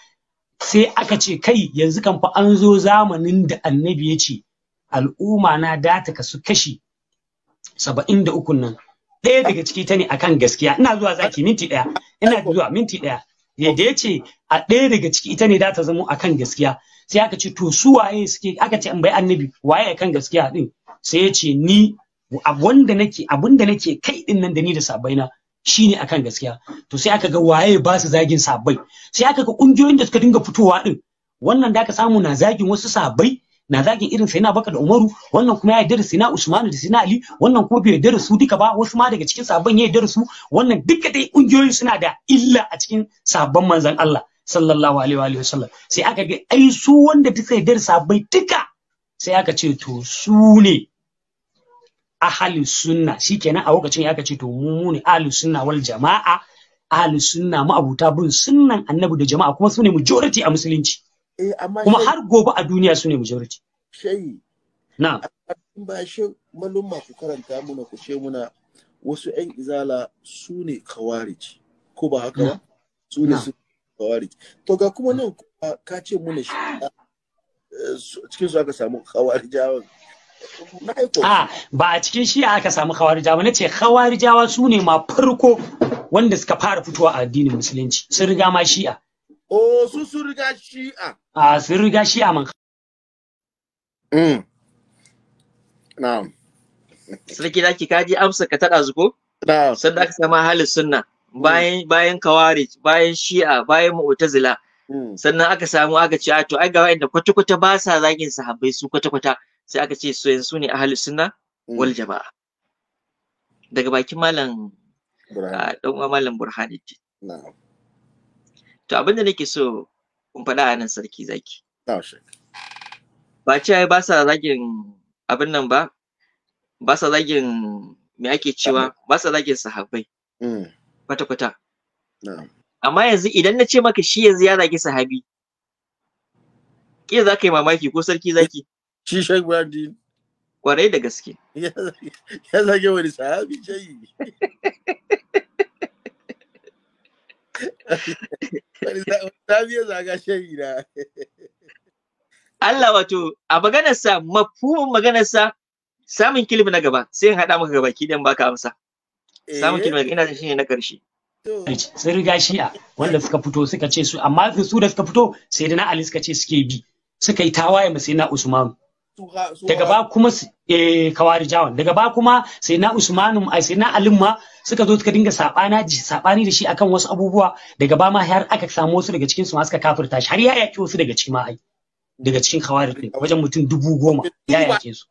sai aka ce kai yanzu kan fa an zo zamanin da annabi ya ce al'umma na da ta kasu kashi saba'in da ukun nan ɗaya daga ciki ta ne akan gaskiya ina zuwa zaki minti ɗaya ina zuwa minti ɗaya da ya ce a ɗaya daga ciki ita ne da ta zama akan gaskiya sai aka ce to su waye suke aka ce in bai annabi waye akan gaskiya din sai ya ce ni wanda nake abinda nake kai din nan da ni da sabaina shine akan gaskiya to sai aka ga waye ba su zagin sabai sai aka ga kungiyoyin da suka dinga fitowa din wannan da aka samu na zagin wasu sabai na zagin irin sai na baka da umaru wannan kuma ya yarda da sina usmanu da sina ali wannan kuma bai yarda su duka ba wasu ma daga cikin sabon ya yarda wannan duka dai kungiyoyin suna da illa a cikin sabon manzon Allah sallallahu alaihi wa sallam sai aka ga ai su wanda ta sai dar sabai tuka sai aka ce to su ne ahli sunna shikenan a lokacin ya aka ce to mu mu ne ahli sunna wal jama'a ahli sunna abuta bin sunnan annabi da jama'a kuma su ne majority a musulunci eh, kuma har gobe a duniya su ne majority shayi na ba shi malumma ku karanta muna ku ce muna wasu 'yan izala su ne kawarici ko ba haka ba su ne su khawarij to ga kuma nan ka ce muna shi eh, cikin su aka samu khawarijawa a ah, ba a cikin shi aka samu khawarijawa na ce khawarijawa su ne ma farko wanda suka fara fitowa a addinin musulunci sun riga ma shi'a o oh, su sun riga shi'a a ah, sun riga shi'a man mm na'am sarki ki kaji amsa ka tada zuko na'am da ka sama halin sunna Hmm. bayan bayan kawarij bayan shi'a bayan mu'tazila hmm. sannan aka samu aka ce to ai ga wanda kwata-kwata ba sa zagin sahabbai su kwata-kwata sai aka ce su yanzu ne ahlus sunna hmm. wal jama'a daga bakin malam dan ah, uwa malam burhanuddin to abinda nake so in faɗa a nan sarki zaki ba ce ai ba sa zagin abin nan ba ba sa zagin me ake cewa ba sa zagin sahabbai kwata-kwata. Amma yanzu idan na ce maka shi yanzu ya zaki sahabi, ke za ka yi mamaki ko sarki zaki? Shi shan Ibrahim Kwarai da gaske. Ya zage wani sahabi shayi. Sahabi ya zaga shayi na. Allah wato a maganarsa mafhumin maganarsa samun kilimi na gaba sai in haɗa maka gabaki dan baka amsa. Samun eh. mai ina shi ne na ƙarshe. Sun riga shi a, wanda suka fito suka ce su amma su da suka fito sai da na Ali suka ce suke bi suka yi tawaye ma sai na Usmanu. Daga ba kuma eh, kawari jawon, daga ba kuma sai na Usmanu ai sai na Ali ma suka zo suka dinga sabana sabani da shi akan wasu abubuwa daga ba ma har aka samu wasu daga cikin su ma suka kafirta shi har ya yaki wasu daga cikin ma ai daga cikin kawari wajen mutum dubu goma ya yake su.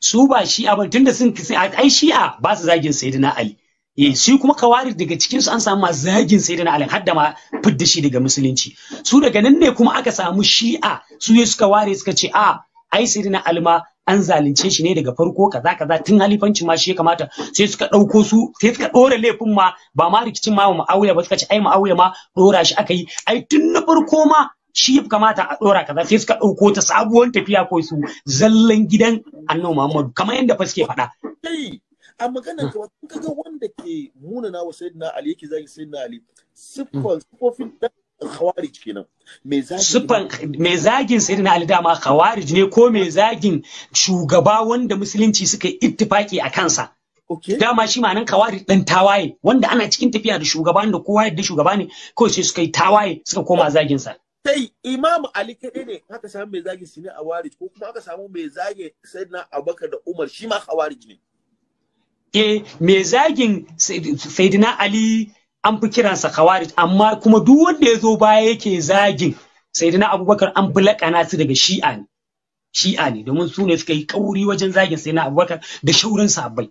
su ba shi'a ba tunda sun ai shi'a ba su zagin sayyidina ali eh shi kuma kawari daga cikin su an samu masu zagin sayyidina ali har da ma fidda shi daga musulunci su daga nan ne kuma aka samu shi'a su ne suka ware suka ce a ah, ai sayyidina ali ma an zalunce shi ne daga farko kaza kaza tun halifancin ma shi ya kamata sai suka ɗauko su sai suka ɗora laifin ma ba ma rikicin ma ma'auya ba suka ce ai ma'auya ma ɗora shi aka yi ai tun na farko ma shi ya kamata a ɗora kaza sai suka ɗauko ta sabuwar tafiya ko su zallan gidan annabi Muhammadu kamar yadda fa suke faɗa. a magana ka wato kaga wanda ke munana wa sayyidina Ali yake zagi sayyidina Ali siffan siffofin khawarij kenan me zagin me zagin sayyidina Ali dama khawarij ne ko me zagin shugaba wanda musulunci suka ittifaki a kansa dama shi ma nan kawari dan tawaye wanda ana cikin tafiya da shugaba da kowa yadda shugaba ne kawai sai suka yi tawaye suka koma zagin sa sai imam ali kaɗai ne haka samu mai zage shi ne a warij ko kuma haka samu mai zage sayyidina abubakar da umar shi ma hawarij ne ke eh, mai zagin sayyidina ali an fi kiransa khawarij amma kuma duk wanda ya zo baya yake zagin sayyidina abubakar an fi laƙana su daga shi'a ne shi'a ne domin su ne suka yi kauri wajen zagin sayyidina abubakar da shaurin sahabbai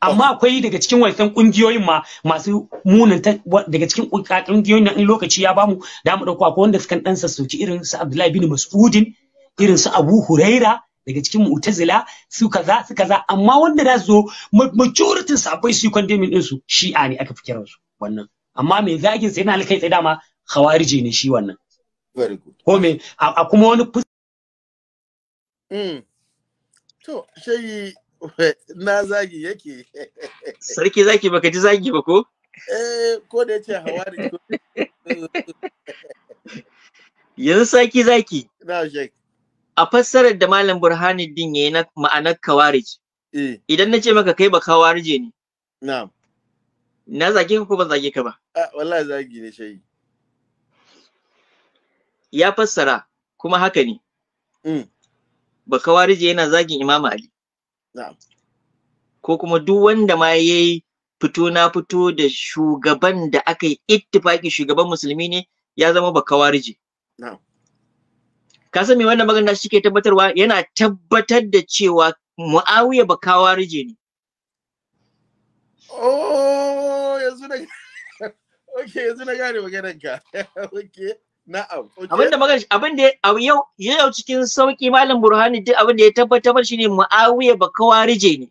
amma akwai daga cikin wancan kungiyoyin ma masu munin daga cikin kungiyoyin nan in lokaci ya bamu da mu dauko akwai wanda sukan dan sassauki irin su Abdullahi bin Mas'udin irin su Abu Huraira daga cikin Mu'tazila su kaza su kaza amma wanda da zo majority bai su condemning din su shi'a ne aka fi su wannan amma mai zagin sai na alkai tsaye dama khawarije ne shi wannan very good ko me a kuma wani Mm. To, shayi na zagi yake sarki zaki baka ji zagi ba ko eh ko da yace hawari yanzu sarki zaki na shek a fassarar da malam burhanuddin yayi na ma'anar kawarij eh. idan na ce maka kai ba kawarije ne na'am na zage ka ko ban zage ka ba Ah, wallahi zagi ne shayi ya fassara kuma haka ne mm. ba kawarije yana zagin imama ali ko kuma duk wanda ma ya yi fito na fito da shugaban da aka yi ittifaki shugaban musulmi ne ya zama ba kawarije ka san me wannan magana shi ke tabbatarwa yana tabbatar da cewa muawiya ba kawarije ne oh gane maganar ka okay Na'am. Abin da magana abin da yau yau cikin sauki Malam Burhani duk abin da ya tabbatar shine Muawiya bakawarije ne.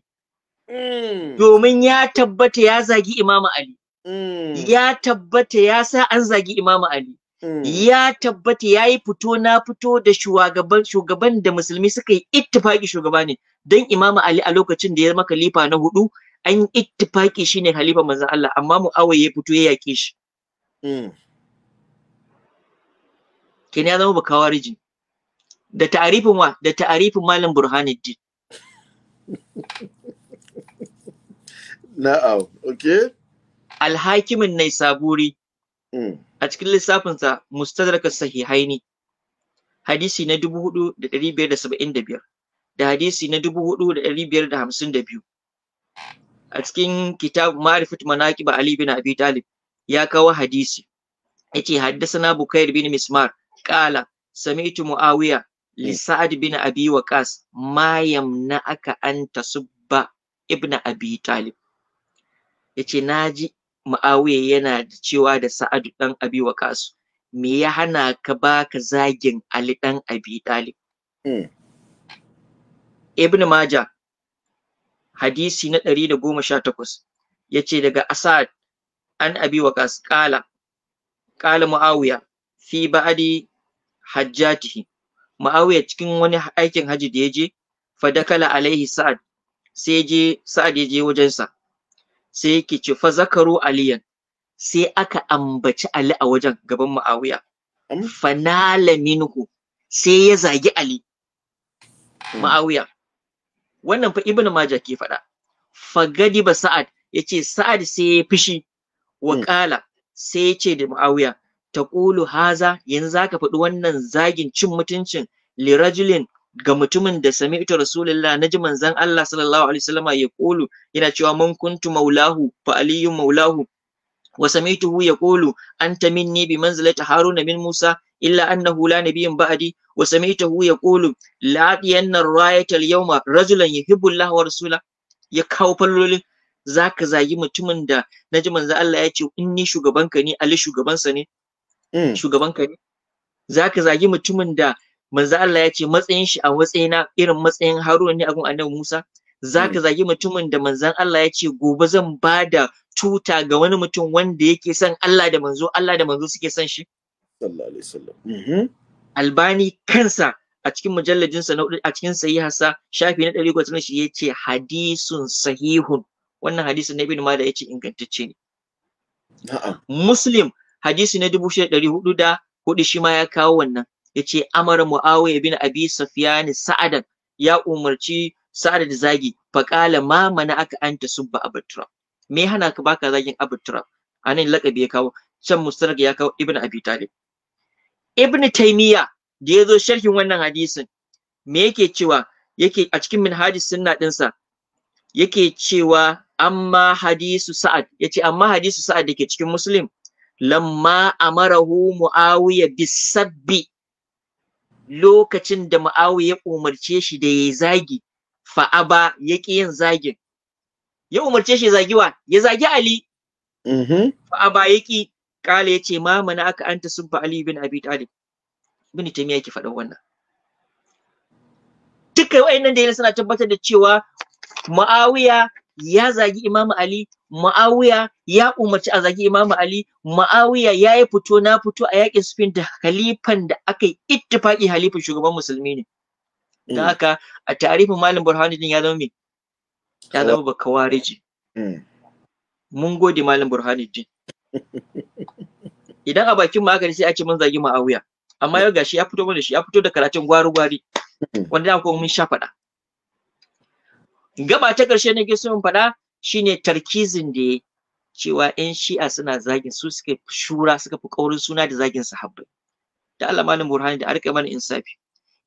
Mm. Domin ya tabbata ya zagi Imam Ali. Mm. Ya tabbata ya sa an zagi Imam Ali. Mm. Ya tabbata ya yi fito na fito da shugaban shugaban da musulmi suka yi ittifaki shugaba ne don Imam Ali a lokacin da ya zama khalifa na hudu an ittifaki shine khalifa manzon Allah amma Muawiya ya fito ya yake shi. Kin ya zama ba kawariji da ta'arifin wa da ta'arifin malam burhanuddin na'am okay alhakimin nai saburi hmm. a cikin lissafinsa mustadrak sahihaini hadisi na dubu hudu da biyar da saba'in da biyar da hadisi na dubu hudu da biyar da hamsin da biyu a cikin kitab marifat manaqib ali bin abi talib ya kawo hadisi yace haddasa na bukair bin mismar qala sami'tu muawiya li eh. sa'ad bin abi waqas na aka anta subba ibn abi talib yace naji muawiya yana da cewa da sa'ad dan abi waqas me ya hana ka baka zagin ali dan abi talib eh. ibn maja hadisi na 118 yace daga asad an abi waqas qala muawiya fi ba'di hajjatihi ma'awiya cikin wani aikin haji da ya je fadakala alaihi sa'ad sai je sa'ad ya je wajensa sai yake ce fa zakaru aliyan sai aka ambaci ali a wajen gaban Muawiya fanala minhu sai ya zagi ali ma'awiya hmm. wannan fa ibnu majah ke faɗa fagadi ba sa'ad yace sa'ad sai ya fishi hmm. wa qala sai ya ce da ma'awiya taqulu haza yanzu zaka faɗi wannan zagin cin mutuncin li rajulin ga mutumin da sami'tu rasulullah naji manzon Allah sallallahu alaihi wasallama yaqulu yana cewa man kuntu maulahu fa aliyyu maulahu wa sami'tuhu yaqulu anta minni bi manzilati haruna min musa illa annahu la nabiyyin ba'di wa sami'tuhu yaqulu la atiyanna al yawma rajulan yuhibbu Allah wa rasula ya kawo fallolin zaka zagi mutumin da naji manzon Allah ya ce inni shugabanka ne ali shugabansa ne Mm. shugaban ka ne zaka zagi mutumin da manzo Allah ya ce matsayin shi a matsayina irin matsayin Haruna ne a gun Annabi Musa zaka mm. zagi mutumin da manzo Allah ya ce gobe zan bada tuta ga wani mutum wanda yake son Allah da manzo Allah da manzo suke son shi sallallahu alaihi mm-hmm. albani kansa a cikin mujallajin na hudu a cikin sahihansa shafi na ɗari shi yace hadisun sahihun wannan hadisin na ibnu mada ya ce ingantacce ne muslim hadisi na dubu shida ɗari hudu da hudu shi ma ya kawo wannan ya ce amara mu'awiya bin abi sufyan sa'adan ya umarci sa'ad da zagi faƙala ma mana aka anta subba abatura me hana ka baka zagin abatura anan lakabi ya kawo can mustarga ya kawo ibn abi talib ibn taymiya da ya zo sharhin wannan hadisin me yake cewa yake a cikin minhajis sunna dinsa yake cewa amma hadisu sa'ad yace amma hadisu sa'ad da ke cikin muslim lamma amarahu muawiya bisabbi lokacin da muawiya umarce shi da ya zagi fa aba yaki yin zagin ya umarce shi zagiwa ya zagi ali mm-hmm. fa aba yaki kala yace ma mana aka anta subba ali bin abi talib ibn taymiya yake faɗin wannan duka wayannan da suna tabbatar da cewa Muawiya ya zagi Imam Ali Muawiya ya umarci a zagi Imam Ali Muawiya ya yi fito na fito a yakin sufin da halifan da aka yi ittifaki halifan shugaban musulmi ne Da mm. haka a tarihin Malam Burhanuddin ya zama me ya zama bakawariji mm. mun gode Malam Burhanuddin idan a bakin magani sai a ce mun zagi Muawiya amma mm. yau gashi ya fito mana shi ya fito da karatun gwari-gwari wanda da kuma mun sha faɗa gaba ta ƙarshe na so in faɗa shine tarkizin da ya cewa ƴan shi'a suna zagin su suka shura suka fi ƙaurin suna da zagin sahabbai da Allah malam burhani da arka mana insafi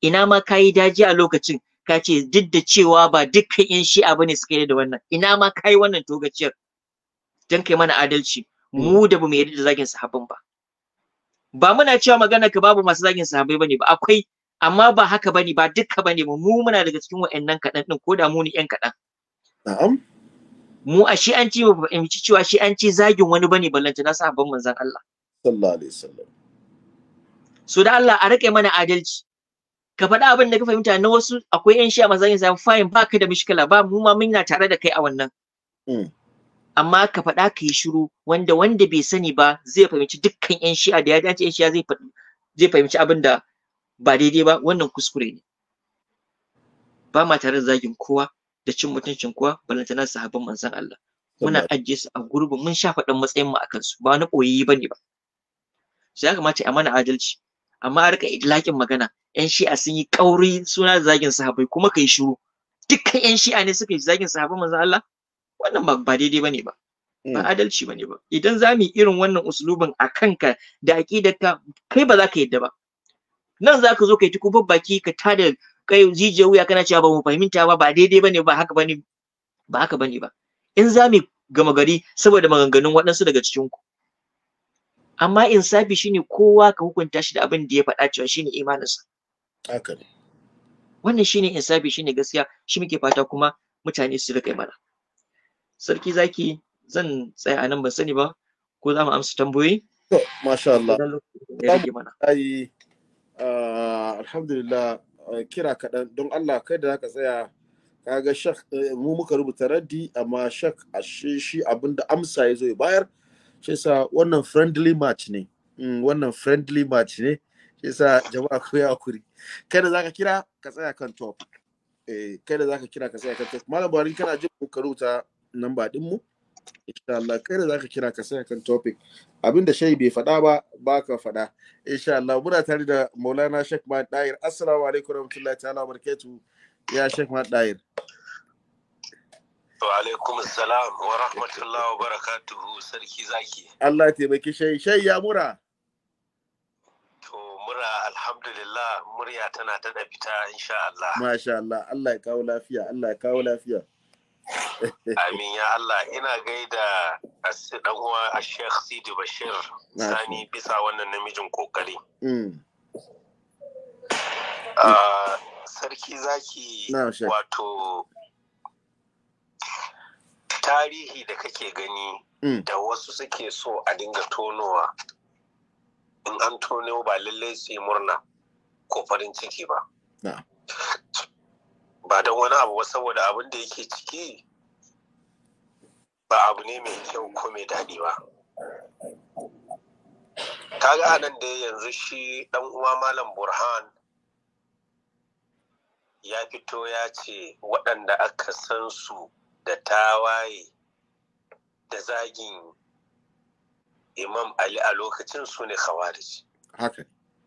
ina ma kayi daji a lokacin ka ce duk da cewa ba dukkan ƴan shi'a bane suka yi da wannan ina ma kayi wannan togaciyar dan kai mana adalci mu da bamu yarda da zagin sahabban ba ba muna cewa magana ka babu masu zagin sahabbai bane ba akwai amma ba haka bane ba dukka bane mu mu muna daga cikin wa'annan kaɗan ɗin ko da mu ni ƴan kaɗan na'am mu a shi an ci ba fahimci cewa shi an ci zagin wani bane ballanta na sahabban manzon Allah sallallahu alaihi wasallam so da Allah a rike mana adalci ka faɗa abin da ka fahimta na wasu akwai ƴan shi a manzon Allah fine ba ka da mishkila ba mu ma muna tare da kai a wannan mm. amma ka faɗa ka yi shiru wanda wanda bai sani ba zai fahimci dukkan ƴan shi'a da ya dace ƴan shi'a zai zai fahimci abin da ba daidai ba wannan kuskure ne ba ma tare da zagin kowa da cin mutuncin kowa balantana sahabban manzon Allah muna ajiye su a gurbi mun sha faɗin matsayin mu a kansu ba na koyi bane ba sai ya kamata a mana adalci amma a rika idlakin magana yan shi'a sun yi kauri suna zagin sahabbai kuma kai shiru dukkan yan shi'a ne suka yi zagin sahabban manzon Allah wannan ba ba daidai bane ba mm. ba adalci bane ba idan za mu yi irin wannan usulubin a kanka da aqidarka ka kai ba za ka yadda ba nan za ka zo kai ta kofar baki ka tada kai jijiyar wuya kana cewa ba mu fahimta ba ba daidai bane ba haka bane ba haka bane ba in za mu gama gari saboda maganganun waɗansu daga cikin ku amma insafi shine kowa ka hukunta shi da abin da ya faɗa cewa shine imaninsa haka ne wannan shine insafi shine gaskiya shi muke fata kuma mutane su rika mana sarki zaki zan tsaya a nan ban sani ba ko za mu amsa tambayoyi to masha Allah rage mana Ah, alhamdulillah ah, kira kaɗan don Allah kai da zaka tsaya kaga shak eh, mu muka rubuta raddi amma shak a shi abinda amsa ya zo ya bayar shi sa wannan friendly match ne mm, wannan friendly match ne shi sa jama'a ku ya kuri kai da zaka kira ka tsaya kan top eh kai da zaka kira ka tsaya kan top malam Buhari kana jin mu ka rubuta namba din mu insha Allah kai da zaka kira ka sai kan topic abinda shai bai faɗa ba ba ka faɗa insha Allah muna tare da Maulana Sheikh Mahmud Dair assalamu alaikum warahmatullahi ta'ala barakatuh ya Sheikh Mahmud Dair wa alaikum assalam wa rahmatullahi wa barakatuhu sarki zaki Allah taimaki shai shai ya mura to mura alhamdulillah murya tana ta da fita insha Allah masha Allah Allah ya kawo lafiya Allah ya kawo lafiya Amin ya Allah ina gaida a uwa a Sheikh Sidi Bashir Sani bisa wannan namijin kokari. Mm. Ah, sarki zaki wato tarihi da kake gani mm. da wasu suke so a dinga tonowa in an tono ba lallai su yi murna ko farin ciki ba. ba don wani abu ba saboda abin da yake ciki ba abu ne mai kyau ko mai daɗi ba ga nan da yanzu shi ɗan uwa malam burhan ya fito ya ce waɗanda aka san su da tawaye da zagin imam ali a lokacin su ne khawarij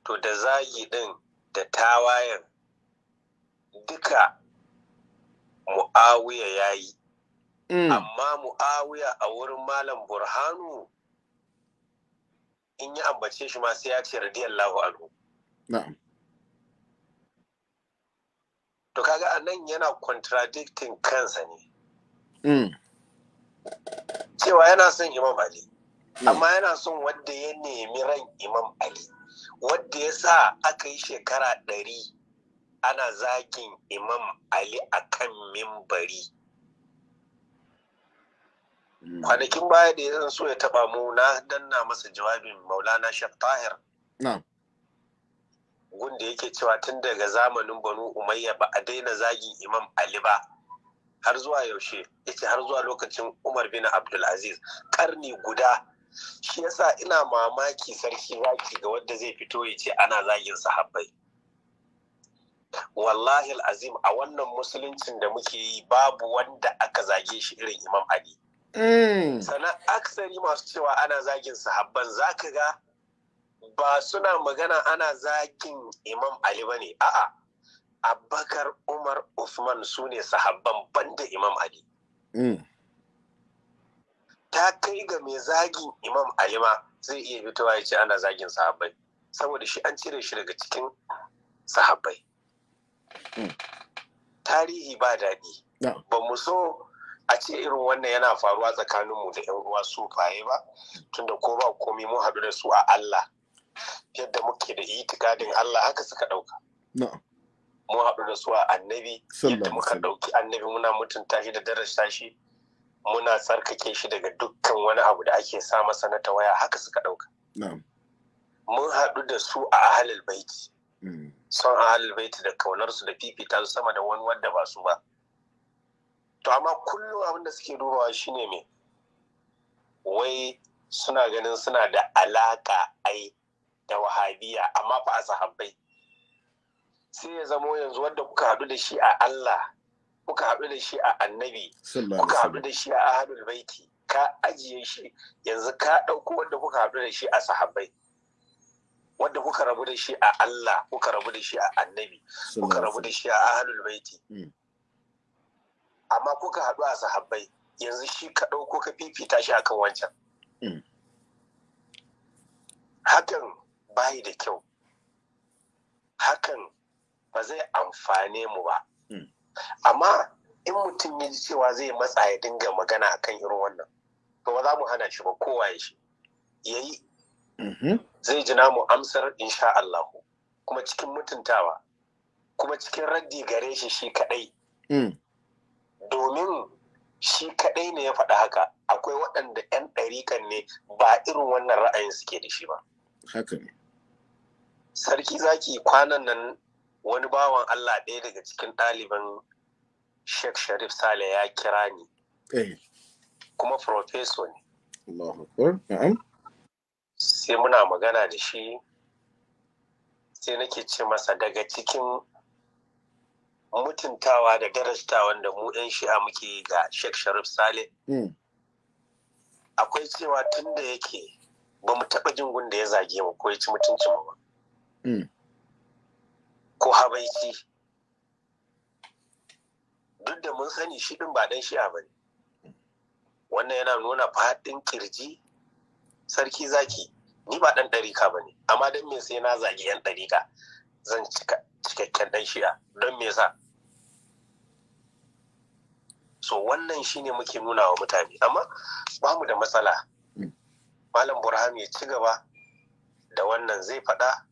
to da zagi ɗin da tawayen duka mu'awiya ya yi mm. amma mu'awiya a wurin malam burhanu in yi ambace shi ma sai ya ce radiyallahu anhu to kaga a nan yana contradicting kansa ne mm. cewa yana son imam ali mm. amma yana son wadda ya nemi ran imam ali wadda ya sa aka yi shekara ɗari ana zagin imam ali a kan mimbari hmm. kwanakin baya da ya so ya taba mu na danna masa jawabin maulana shaf tahir gunda yake cewa tun daga zamanin banu umayya ba a daina zagin imam ali ba har zuwa yaushe yace har zuwa lokacin umar bin abdulaziz karni guda shi yasa ina mamaki sarki zaki ga wanda zai fito ya ce ana zagin sahabbai wallahi azim a wannan musuluncin da muke yi babu wanda aka zage shi irin imam ali mm. sannan aksari masu cewa ana zagin sahabban za ka ga ba suna magana ana zagin imam ali ba ne a'a Abakar umar usman su ne sahabban banda imam ali mm. ta kai ga mai zagin imam ali ma zai iya fitowa ya ce ana zagin sahabbai saboda shi an cire shi daga cikin sahabbai Hmm. tarihi ba daɗi ba mu so a ce irin wannan yana faruwa tsakaninmu da 'yan uwa faye ba tunda ko ba komi mun haɗu da su a Allah yadda muke da itikadin Allah haka suka ɗauka. Mun haɗu da su a annabi yadda muka ɗauki annabi muna mutunta shi da darasta shi muna tsarkake shi daga dukkan wani abu da ake sa masa na tawaya haka suka ɗauka. Mun haɗu da su a ahalil baiki. Hmm. son ahlul baiti da kaunarsu da fifita su sama da wani wadda ba su ba to amma kullum abinda da suke dubawa shine me wai suna ganin suna da alaka ai da wahabiya amma fa a sahabbai sai ya zamo yanzu wadda kuka haɗu da shi a Allah kuka haɗu da shi a annabi kuka haɗu da shi a ahlul baiti ka ajiye shi yanzu ka ɗauko wanda kuka haɗu da shi a sahabbai wanda kuka rabu da shi a Allah kuka rabu da shi a annabi kuka rabu da shi a ahlul baiti mm. amma kuka haɗu a sahabbai yanzu shi ka ɗauko ka fifita shi akan wancan mm. hakan bayi da kyau hakan ba zai amfane mu ba mm. amma in mutum ya ji cewa zai matsa ya dinga magana akan irin wannan to ba za mu hana shi ba kowa ya shi ya Mm-hmm. zai ji namu amsar insha Allah kuma cikin mutuntawa kuma cikin raddi gare shi shi kadai mm. domin shi kadai ne ya faɗa haka akwai waɗanda 'yan ɗarikan ne ba irin wannan ra'ayin suke da shi ba sarki zaki kwanan nan wani bawan Allah ɗaya daga cikin ɗaliban Sheikh Sharif Sale ya kira ni eh. kuma professor ne sai muna magana da shi sai nake ce masa daga cikin mutuntawa da darastawan da mu 'yan shi'a muke ga Sheikh Sharif Saleh. Hmm. Akwai cewa tun da yake ba mu taɓa jin gunda ya zage mu ko ya ci mutuncin mu ba. Hmm. Ko habaici. Duk da mun sani shi ɗin ba ɗan shi'a ba ne. Wannan yana nuna faɗin kirji sarki zaki ni ba ɗan ɗarika ba ne amma don me sai na zagi yan ɗarika zan cika cikakken ɗan shi'a don me sa so wannan shine muke nuna wa mutane amma ba mu da matsala mm. malam burham ya ci gaba da wannan zai faɗa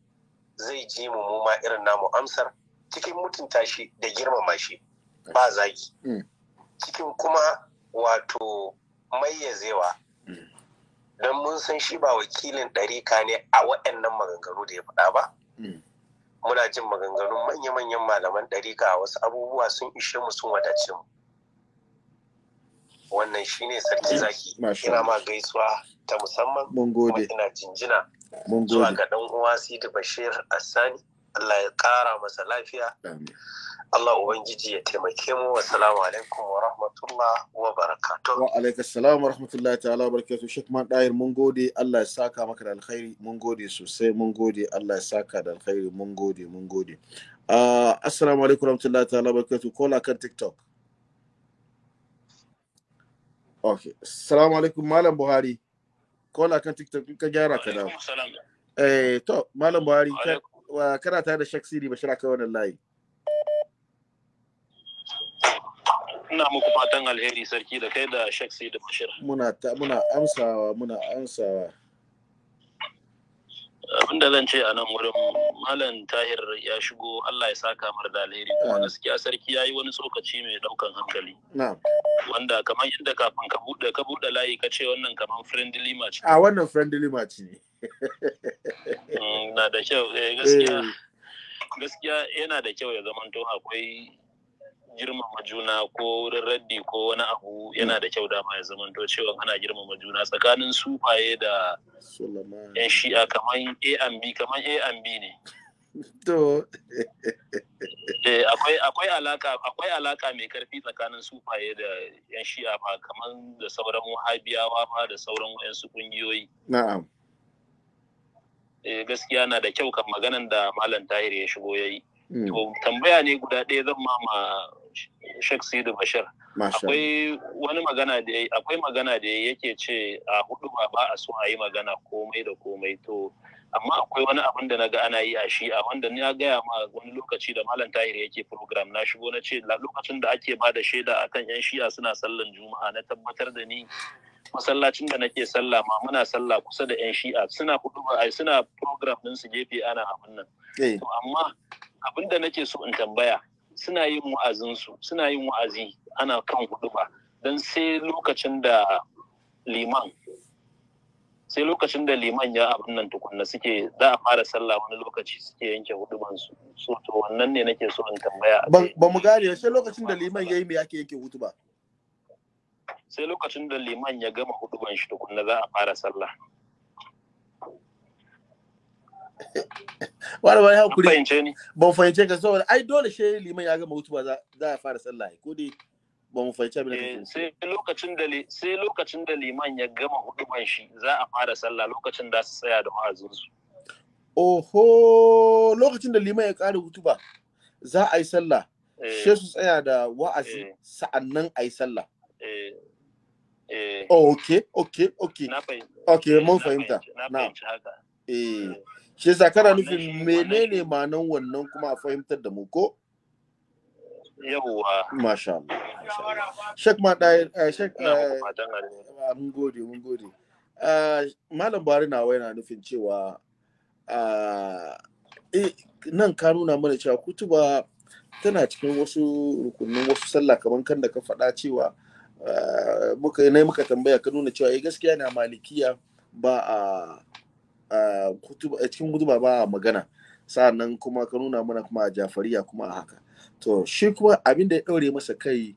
zai ji mu mu ma irin namu amsar cikin mutunta shi da girmama shi ba zagi mm. cikin kuma wato mayyazewa don mun san shi ba wakilin ɗarika ne a waɗannan maganganu da ya faɗa ba hmm. muna jin maganganun manya-manyan malaman ɗarika a wasu abubuwa sun ishe mu sun wadace mu wannan shine sarki zaki ina ma gaisuwa ta musamman mun ina jinjina zuwa ga ɗan uwa Sidi Bashir Assani Allah ya kara masa lafiya Allah Ubangiji ya taimake mu wa salamu alaikum wa rahmatullah wa barakatuh. Wa alaikas salam wa rahmatullah ta'ala wa barakatuh. Sheikh Man Dair mun gode Allah ya saka maka da alkhairi mun gode sosai mun gode Allah ya saka da alkhairi mun gode mun gode. Uh, assalamu alaikum wa rahmatullah ta'ala wa barakatuh. Kola kan TikTok. Okay. Assalamu alaikum Malam Buhari. Kola kan TikTok ka gyara ka da. Eh to Malam Buhari kana tare da Sheikh shi Bashir akai wannan layi. ina muku fatan alheri sarki da kai da Sheikh Said Bashir muna ta muna amsawa muna amsawa abinda zan ce a nan wurin malam tahir ya shigo Allah ya saka mar da alheri kuma gaskiya sarki yayi wani tsokaci mai daukan hankali wanda kamar yadda kafin ka bude ka bude layi ka ce wannan kamar friendly match a wannan friendly match ne mm, na da kyau eh, gaskiya eh. gaskiya yana da kyau ya zamanto akwai girmama juna ko wurin raddi ko wani abu yana da kyau dama ya to cewa ana girmama juna tsakanin sufaye da yan shi'a kamar a and b kamar a and b ne to eh, akwai akwai alaka akwai alaka mai karfi tsakanin sufaye da yan shi'a ba kamar da sauran wahabiyawa ba da sauran wayansu kungiyoyi na'am eh, gaskiya na da kyau kan maganan da malam tahir ya shigo yayi hmm. to tambaya ne guda ɗaya zan ma Sheikh Sidi Bashir. Akwai wani magana da akwai magana da yake ce a hudu ba ba a so a yi magana komai da komai to amma akwai wani abin da naga ana yi a shi a wanda ya gaya ma wani lokaci da Malam Tahir yake program na shigo na ce lokacin da ake ba da shaida akan yan shi'a suna sallan juma'a na tabbatar da ni masallacin da nake sallah ma muna sallah kusa da yan shi'a suna hudu ba suna program din su gefe ana abin nan eh. to amma abin da nake so in tambaya suna yin wa'azinsu suna yin wa'azi ana kan huduba don sai lokacin da liman sai lokacin da liman ya abin nan tukunna suke za a fara sallah wani lokaci suke yanke huduban su so to wannan ne nake so in tambaya ba mu gane sai lokacin da liman yayi me yake yake hutuba sai lokacin da liman ya gama huduban shi tukunna za a fara sallah wani wani hakuri fahimce ni mu fahimce ka saboda ai dole shi liman ya gama hutuba za a fara sallah ko dai ba mu fahimci abin eh, sai lokacin da sai lokacin da liman ya gama hutuban shi za a fara sallah lokacin da su tsaya da wa'azin su oho lokacin da liman ya kare hutuba za a yi sallah eh. shi su tsaya da wa'azi eh. sa'annan a yi sallah Eh, oh, okay, okay, okay. Na fahimta. Okay, mun fahimta. Na fahimci haka. Eh. shi yasa kana nufin menene ma'anan wannan kuma a fahimtar da mu ko yawwa masha Allah shek ma dai eh, eh, shek eh, ah, mun gode mun gode ah, malam bari na na nufin cewa ah, nan ka nuna mana cewa kutuba tana cikin wasu rukunin wasu sallah kamar kan da ka faɗa cewa muka yi muka tambaya ka nuna cewa gaskiya na malikiya ba a A cikin hutuba ba a magana sa'annan kuma ka nuna mana kuma a jafariya kuma a haka to shi kuma abin da ya ɗaure masa kai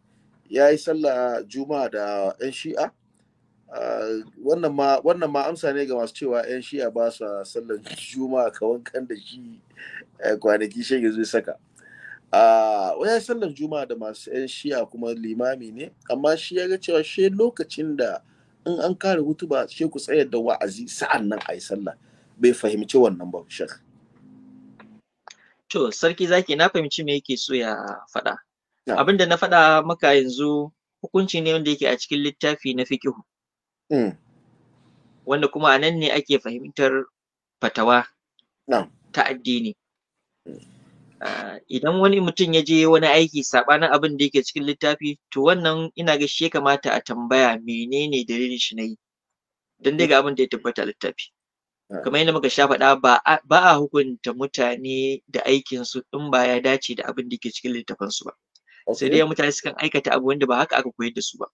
ya yi sallah juma'a da 'yan shi'a wannan ma amsa ne ga masu cewa 'yan shi'a ba su sallar juma'a kawan kan da shi kwanaki shege zai saka ya yi sallar juma'a da masu 'yan shi'a kuma limami ne amma shi ya ga cewa shi lokacin da in an kare hutu ba sai ku tsayar da wa'azi sa'an nan ayi sallah bai fahimci wannan ba shek to sarki zaki na fahimci me yake so ya faɗa abinda na faɗa maka yanzu hukunci ne wanda yake a cikin littafi na fikihu mm. wanda kuma a nan ne ake fahimtar fatawa ta addini mm. idan wani mutum ya je wani aiki saɓanin abin da yake cikin littafi to wannan ina ga shi ya kamata a tambaya menene dalilin shi na yi don dai ga abin da ya tabbata littafi ah. kamar yadda muka sha faɗa ba a hukunta mutane da aikinsu in ba ya dace da abin da yake cikin littafansu ba sai dai mutane sukan aikata abu wanda ba haka aka koyar da su ba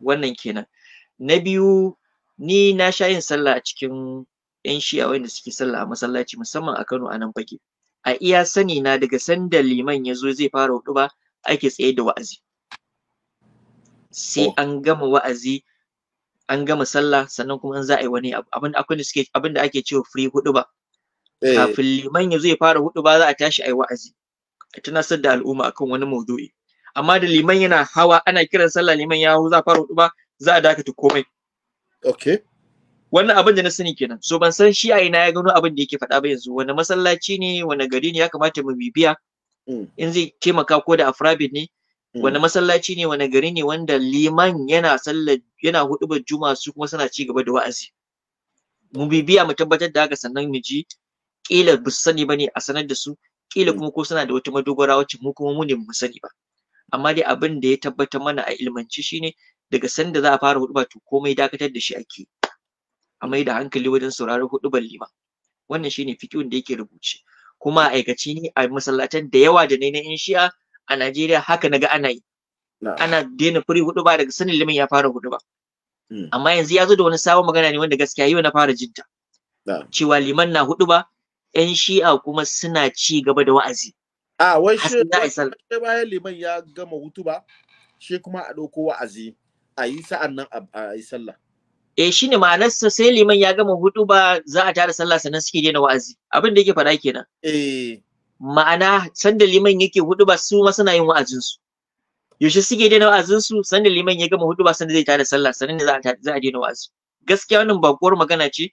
wannan kenan na biyu ni na sha yin sallah a cikin yan shiya wanda suke sallah a masallaci musamman a Kano a nan fage a iya sani na daga sanda liman ya zo zai fara ba ake tsaye da wa'azi sai oh. an gama wa'azi an gama sallah sannan kuma an za a yi wani abin akwai suke abin da ake cewa free ba. Eh. kafin liman ya zo ya fara ba za a tashi a yi wa'azi a tunasar da al'umma akan wani maudu'i amma da liman yana hawa ana kiran sallah liman ya hau za a fara ba, za a dakata komai okay wannan abin da na sani kenan so ban san shi a ina ya gano abin da yake faɗa ba yanzu wani masallaci ne wani gari ne ya kamata mu bibiya mm. in zai taimaka ko da afrabit ne mm. wani masallaci ne wani gari ne wanda liman yana sallar yana hudubar juma'a su kuma suna ci gaba da wa'azi mu mm. bibiya mu tabbatar da haka sannan mu ji kila ba su sani ne a sanar da su kila kuma ko suna da wata madogara wacce mu kuma mu ne mu sani ba amma dai abin da ya tabbata mana a ilmanci shine daga sanda za a fara hudu to komai dakatar da shi ake yi. a mai da hankali wajen sauraron hudubar liman wannan shine fiqhun da yake rubuce kuma aikaci ne a masallatan da yawa da ne na yan shi'a a Najeriya haka naga ana yi ana daina firi huduba daga sanin liman ya fara huduba hmm. amma yanzu ya zo da wani sabon magana ne wanda gaskiya yau na fara jinta cewa liman na huduba yan shi'a kuma suna ci gaba da wa'azi a wai shi bayan liman ya gama hutuba shi kuma a ɗauko wa'azi a yi sa'an nan a yi sallah eh ne ma'anarsa sai liman ya gama hudu ba za a tara sallah sannan suke daina wa'azi abin da yake faɗa kenan eh ma'ana sanda liman yake hudu ba su ma suna yin wa'azin su yaushe suke daina wa'azin su sanda liman ya gama hudu ba sanda zai tara sallah sannan za a za a daina wa'azi gaskiya wannan bakuwar magana ce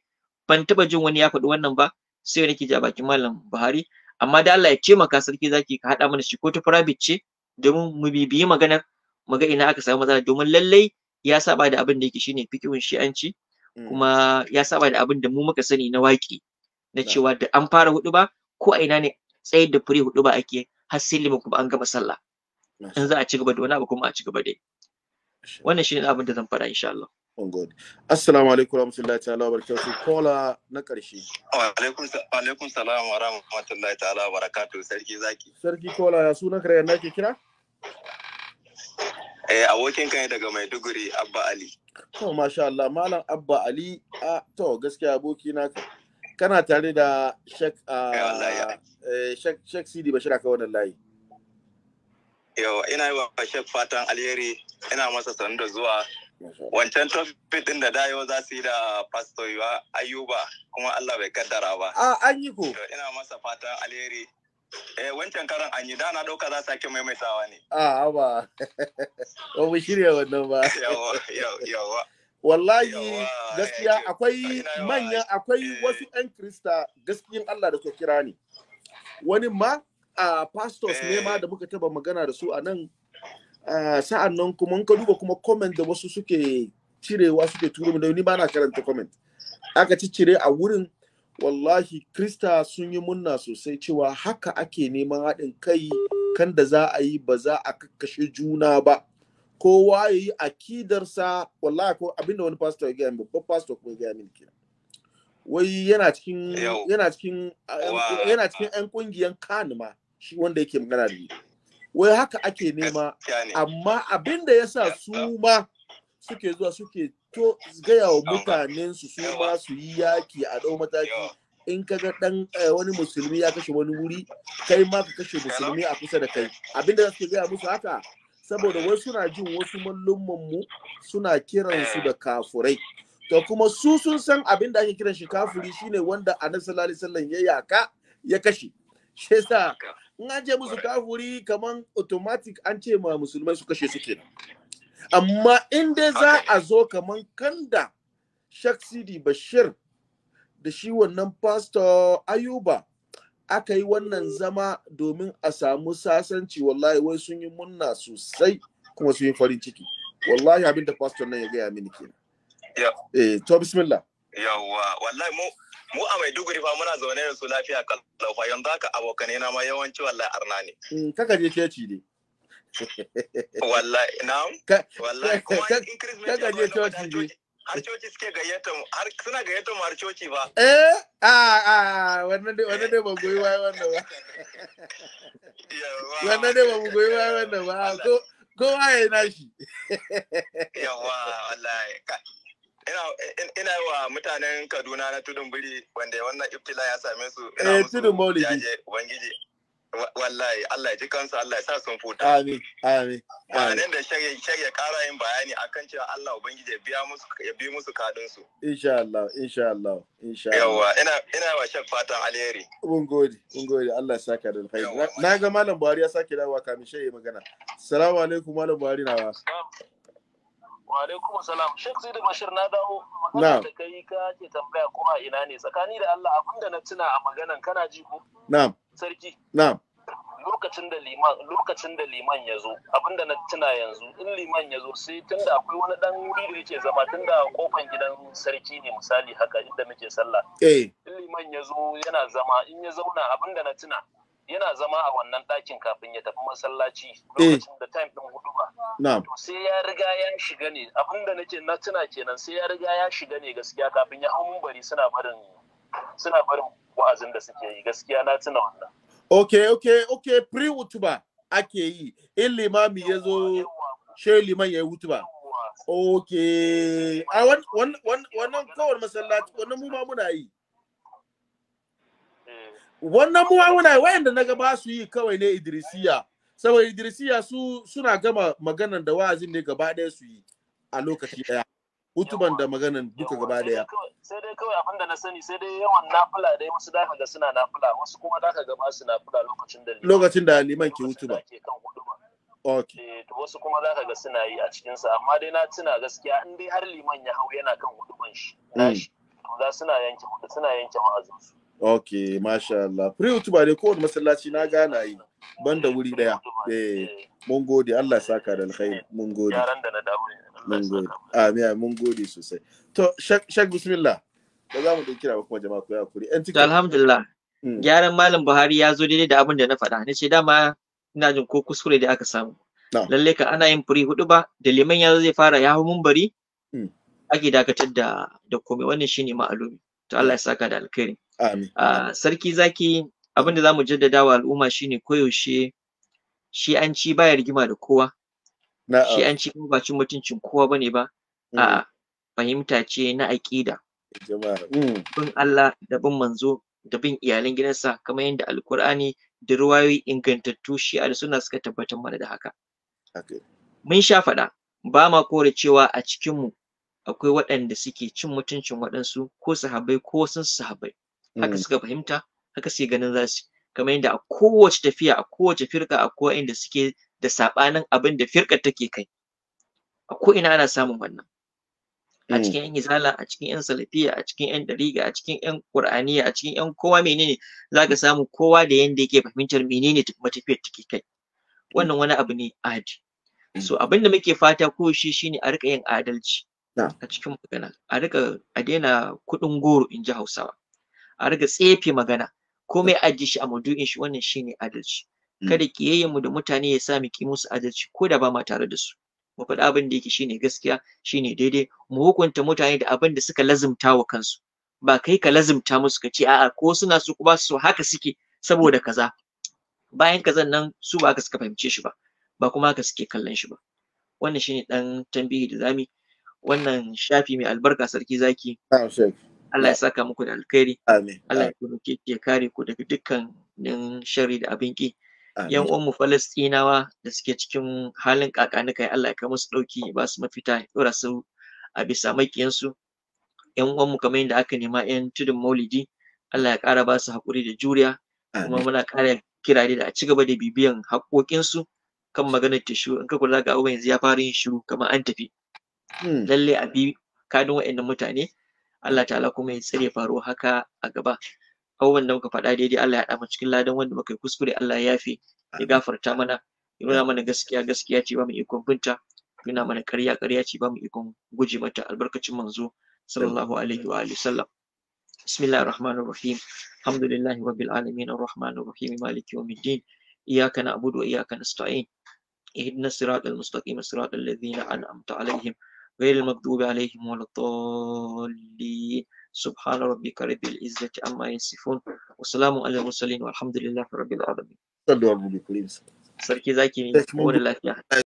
ban taba jin wani ya faɗi wannan ba sai nake ji a bakin malam Buhari amma da Allah ya ce maka sarki zaki ka haɗa mana shi ko ta private ce domin mu bibiyi maganar mu ga ina aka samu matsala domin lallai ya saba da abin da yake shine fiqhun shi'anci mm. kuma ya saba da abin da mu muka sani na waƙi na cewa da an fara hudu ba ko a ina ne tsayar da fure hudu ba ake har sai liman kuma an gama sallah in za a ci gaba da wani abu kuma a ci gaba dai wannan shine abin da zan fara insha Allah on god assalamu alaikum warahmatullahi ta'ala wabarakatuh kola na karshe wa alaikum wa alaikum salam wa rahmatullahi ta'ala wabarakatuh sarki zaki sarki kola ya sunan kare nake kira Eh, abokin kai daga Maiduguri, Abba Ali. To, masha Allah, Malam Abba Ali, a to gaskiya aboki na kana tare da Sheikh eh, eh, Sheikh Sheikh Sidi Bashir aka wannan layi. Yau, ina yi wa Sheikh fatan alheri, ina masa sanin da zuwa. Wancan topic din da dayo za su yi da Pastor Ayuba, kuma Allah bai kaddara ba. Ah, an yi ko. Ina masa fatan alheri. Eh wancan karan an yi dana dauka za sake maimaitawa ne. A ah, ba. Ba mu shirya wannan ba. Eh, yawa yawa. Wallahi gaskiya eh, akwai manyan eh. akwai wasu 'yan Krista gaskiyan Allah da suka kira ni. Wani ma a pastors ne ma da muka taba magana da su a nan sa'an nan kuma ka duba kuma comment da wasu suke cirewa suke turo mu da ni ba na karanta comment. Aka ci cire a wurin wallahi krista sun yi munna sosai cewa haka ake neman haɗin kai kan da za a yi ba za a kakkashe juna ba kowa ya yi akidarsa wallahi ko abinda wani pastor ya gaya min babban pastor kuma ya gaya min wai yana cikin yan kungiyan kanuma shi wanda yake magana da ni wai haka ake nema amma abinda yasa su ma suke zuwa suke to gaya wa mutanen su su ma su yi yaki a dau mataki in kaga ga dan eh, wani musulmi ya kashe wani wuri kai ma ka kashe musulmi a kusa da kai abinda suke gaya musu haka saboda wai suna jin wasu mallumman mu suna kiran su eh. da kafurai to kuma su sun san abin da ake kiran shi kafuri shine wanda annabi sallallahu alaihi wasallam ya yaka ya kashe shi yasa in an ce musu kafuri kaman automatic an ce ma musulmai su kashe su kenan amma in dai za a zo kaman kanda shaksidi bashir da shi wannan pastor ayuba aka yi wannan zama domin a samu sasanci wallahi wai sun yi munna sosai kuma sun yi farin ciki wallahi abin da pastor nan ya gaya mini kenan eh to bismillah yawwa wallahi mu mu a Maiduguri fa muna zaune da su lafiya kalau fa yanzu haka abokanai na ma yawanci wallahi arna ne mm, kaka je keci ne wallahi na wallahi kuma increasement kaga je coci ne har coci suke gayyata mu har suna gayyata mu har coci ba eh a ah, a ah, wannan dai wannan dai ban goyi wai wannan ba wannan dai ban goyi wai wannan ba ko kowa ya nashi yawa wallahi ina wa mutanen Kaduna na tudun biri wanda wannan iftila ya same su ina eh, musu tudun maulidi ubangiji wallahi Allah ya ji kansu Allah ya sa sun futa amin amin nan da shari'a shari'a kara yin bayani akan cewa Allah ubangiji ya biya musu ya bi musu kadin su insha Allah insha Allah insha Allah yawa ina ina wa shek fatan alheri mun gode mun gode Allah ya saka da alheri na ga malam Buhari ya sake dawowa kamin shi magana assalamu alaikum malam Buhari na wa alaikum shek sheikh da bashir na dawo magana da kai ka ke tambaya kuma ina ne tsakani da Allah abinda na tuna a maganan kana ji ko na'am sarki na'am lokacin da liman lokacin da liman ya zo abinda na tuna yanzu in liman ya zo sai tunda akwai wani dan wuri da yake zama tunda kofan gidan sarki ne misali haka inda muke sallah eh in liman ya zo yana zama in ya zauna abinda na tuna yana zama a wannan ɗakin kafin ya tafi masallaci eh. lokacin da time ɗin hudu ba. To sai ya riga ya shiga ne abinda nake na tuna kenan sai ya riga ya shiga ne gaskiya kafin ya hau bari suna barin suna barin wa'azin da suke yi gaskiya na tuna wannan okay okay okay pre wutuba ake yi in limami ya zo shi liman ya yi wutuba okay a wannan kawar masallaci wannan mu ma muna yi eh. wannan mu ma muna yi wayanda na ga ba su yi kawai ne idrisiya saboda idrisiya su suna gama maganar da wa'azin ne gaba ɗaya su yi a lokaci ɗaya hutuban da maganan duka gaba daya sai dai kawai abin da na sani sai dai yawan nafula dai wasu da ga suna nafula wasu kuma da ga ba su nafila lokacin da lokacin da liman ke hutuba Okay. Eh, to wasu kuma za ka ga suna yi a cikinsa, amma dai na tuna gaskiya in dai har liman ya hau yana kan huduban shi, mm. to za suna yanke hudu suna yanke wa'azinsu. Ok, masha Allah. Free hutuba dai kowane masallaci na gana yi, ban da eh, wuri daya. Eh, eh, mun gode, Allah ya saka da alkhairi, mun gode. Yaran da na damu ne. gode amin mun gode sosai to shek bismillah ba za mu da kira ba kuma jama'a ku ya kuri yan alhamdulillah hmm. gyaran malam buhari ya zo daidai da abin da na faɗa na ce dama ina jin ko kuskure da aka samu lalle ka ana yin furi hudu ba da liman ya zai fara ya hau bari hmm. ake dakatar da da komai wannan shine ma'alumi to Allah ya saka da alkhairi amin ah, sarki zaki abin da za mu jaddada wa al'umma shine koyaushe shi an ci baya rigima da kowa shi ah. an ci ba cin mutuncin kowa bane ba mm. a fahimta ce na aƙida mm. bin Allah da bin manzo da bin iyalan gidansa kamar yadda alkur'ani da ruwayoyi ingantattu shi a suna suka tabbatar mana da haka mun sha faɗa ba ma kore cewa a cikinmu akwai waɗanda suke cin mutuncin waɗansu ko sahabai ko sun sahabai haka mm. suka fahimta haka suke ganin za su kamar yadda a kowace tafiya a kowace firka a kowa inda suke da saɓanin abin da firkar take kai a ko ina ana samun wannan a hmm. cikin yan izala a cikin yan salafiya a cikin yan dariga a cikin yan qur'aniya a cikin yan kowa menene zaka samu kowa da yanda yake fahimtar menene matafiyar take kai wannan wani abu ne adi hmm. so abin da muke fata ko shi shine a rika yin adalci a cikin magana a rika a daina kuɗin goro in ji hausawa a rika tsefe magana komai ajiye shi a maudu'in shi wannan shine adalci kada kiyayyen mm. mu da mutane ya sa mu ki musu adalci ko da ba ma tare da su mu faɗi abin da yake shine gaskiya shine daidai mu hukunta mutane da abin da suka lazumta wa kansu ba kai ka lazumta musu ka ce a'a ko suna so ko ba su so. haka suke saboda kaza bayan kaza nan su ba ka suka fahimce shi ba ba kuma haka suke kallon shi ba wannan shine dan tambihi da zami wannan shafi mai albarka sarki zaki Allah ya saka muku da alkhairi amin Allah ya kare ku daga dukkanin sharri da abin ki yan uwanmu falastinawa da suke cikin halin kakanuka Allah ya kama su ɗauki ba su mafita dora su a bisa makiyansu yan uwanmu kamar yadda aka nema yan tudun maulidi Allah ya kara ba su hakuri da juriya kuma muna kara kirare da a ci gaba da bibiyan haƙoƙinsu kan maganar tishu in ka kula ga abubuwan yanzu ya fara yin shiru kamar an tafi hmm. lalle a bi kadin waɗannan mutane Allah ta'ala kuma ya tsare faruwa haka a gaba kawo wanda muka faɗa daidai Allah ya mu cikin ladan wanda muka yi kuskure Allah ya yafe ya gafarta mana ya nuna mana gaskiya gaskiya ce ba mu ikon binta nuna mana ƙarya ƙarya ce ba mu ikon guje mata albarkacin manzo sallallahu alaihi wa alihi sallam bismillahir rahmanir rahim alhamdulillahi rabbil alamin arrahmanir rahim maliki yawmid din iyyaka na'budu wa iyyaka nasta'in ihdina siratal mustaqim siratal ladzina an'amta alaihim غير المكتوب عليهم ولا الضالين subhana rabbika rabbil izzati amma yasifun wa salamun alal mursalin walhamdulillahi rabbil alamin sallu ala sarki zaki ne ko lafiya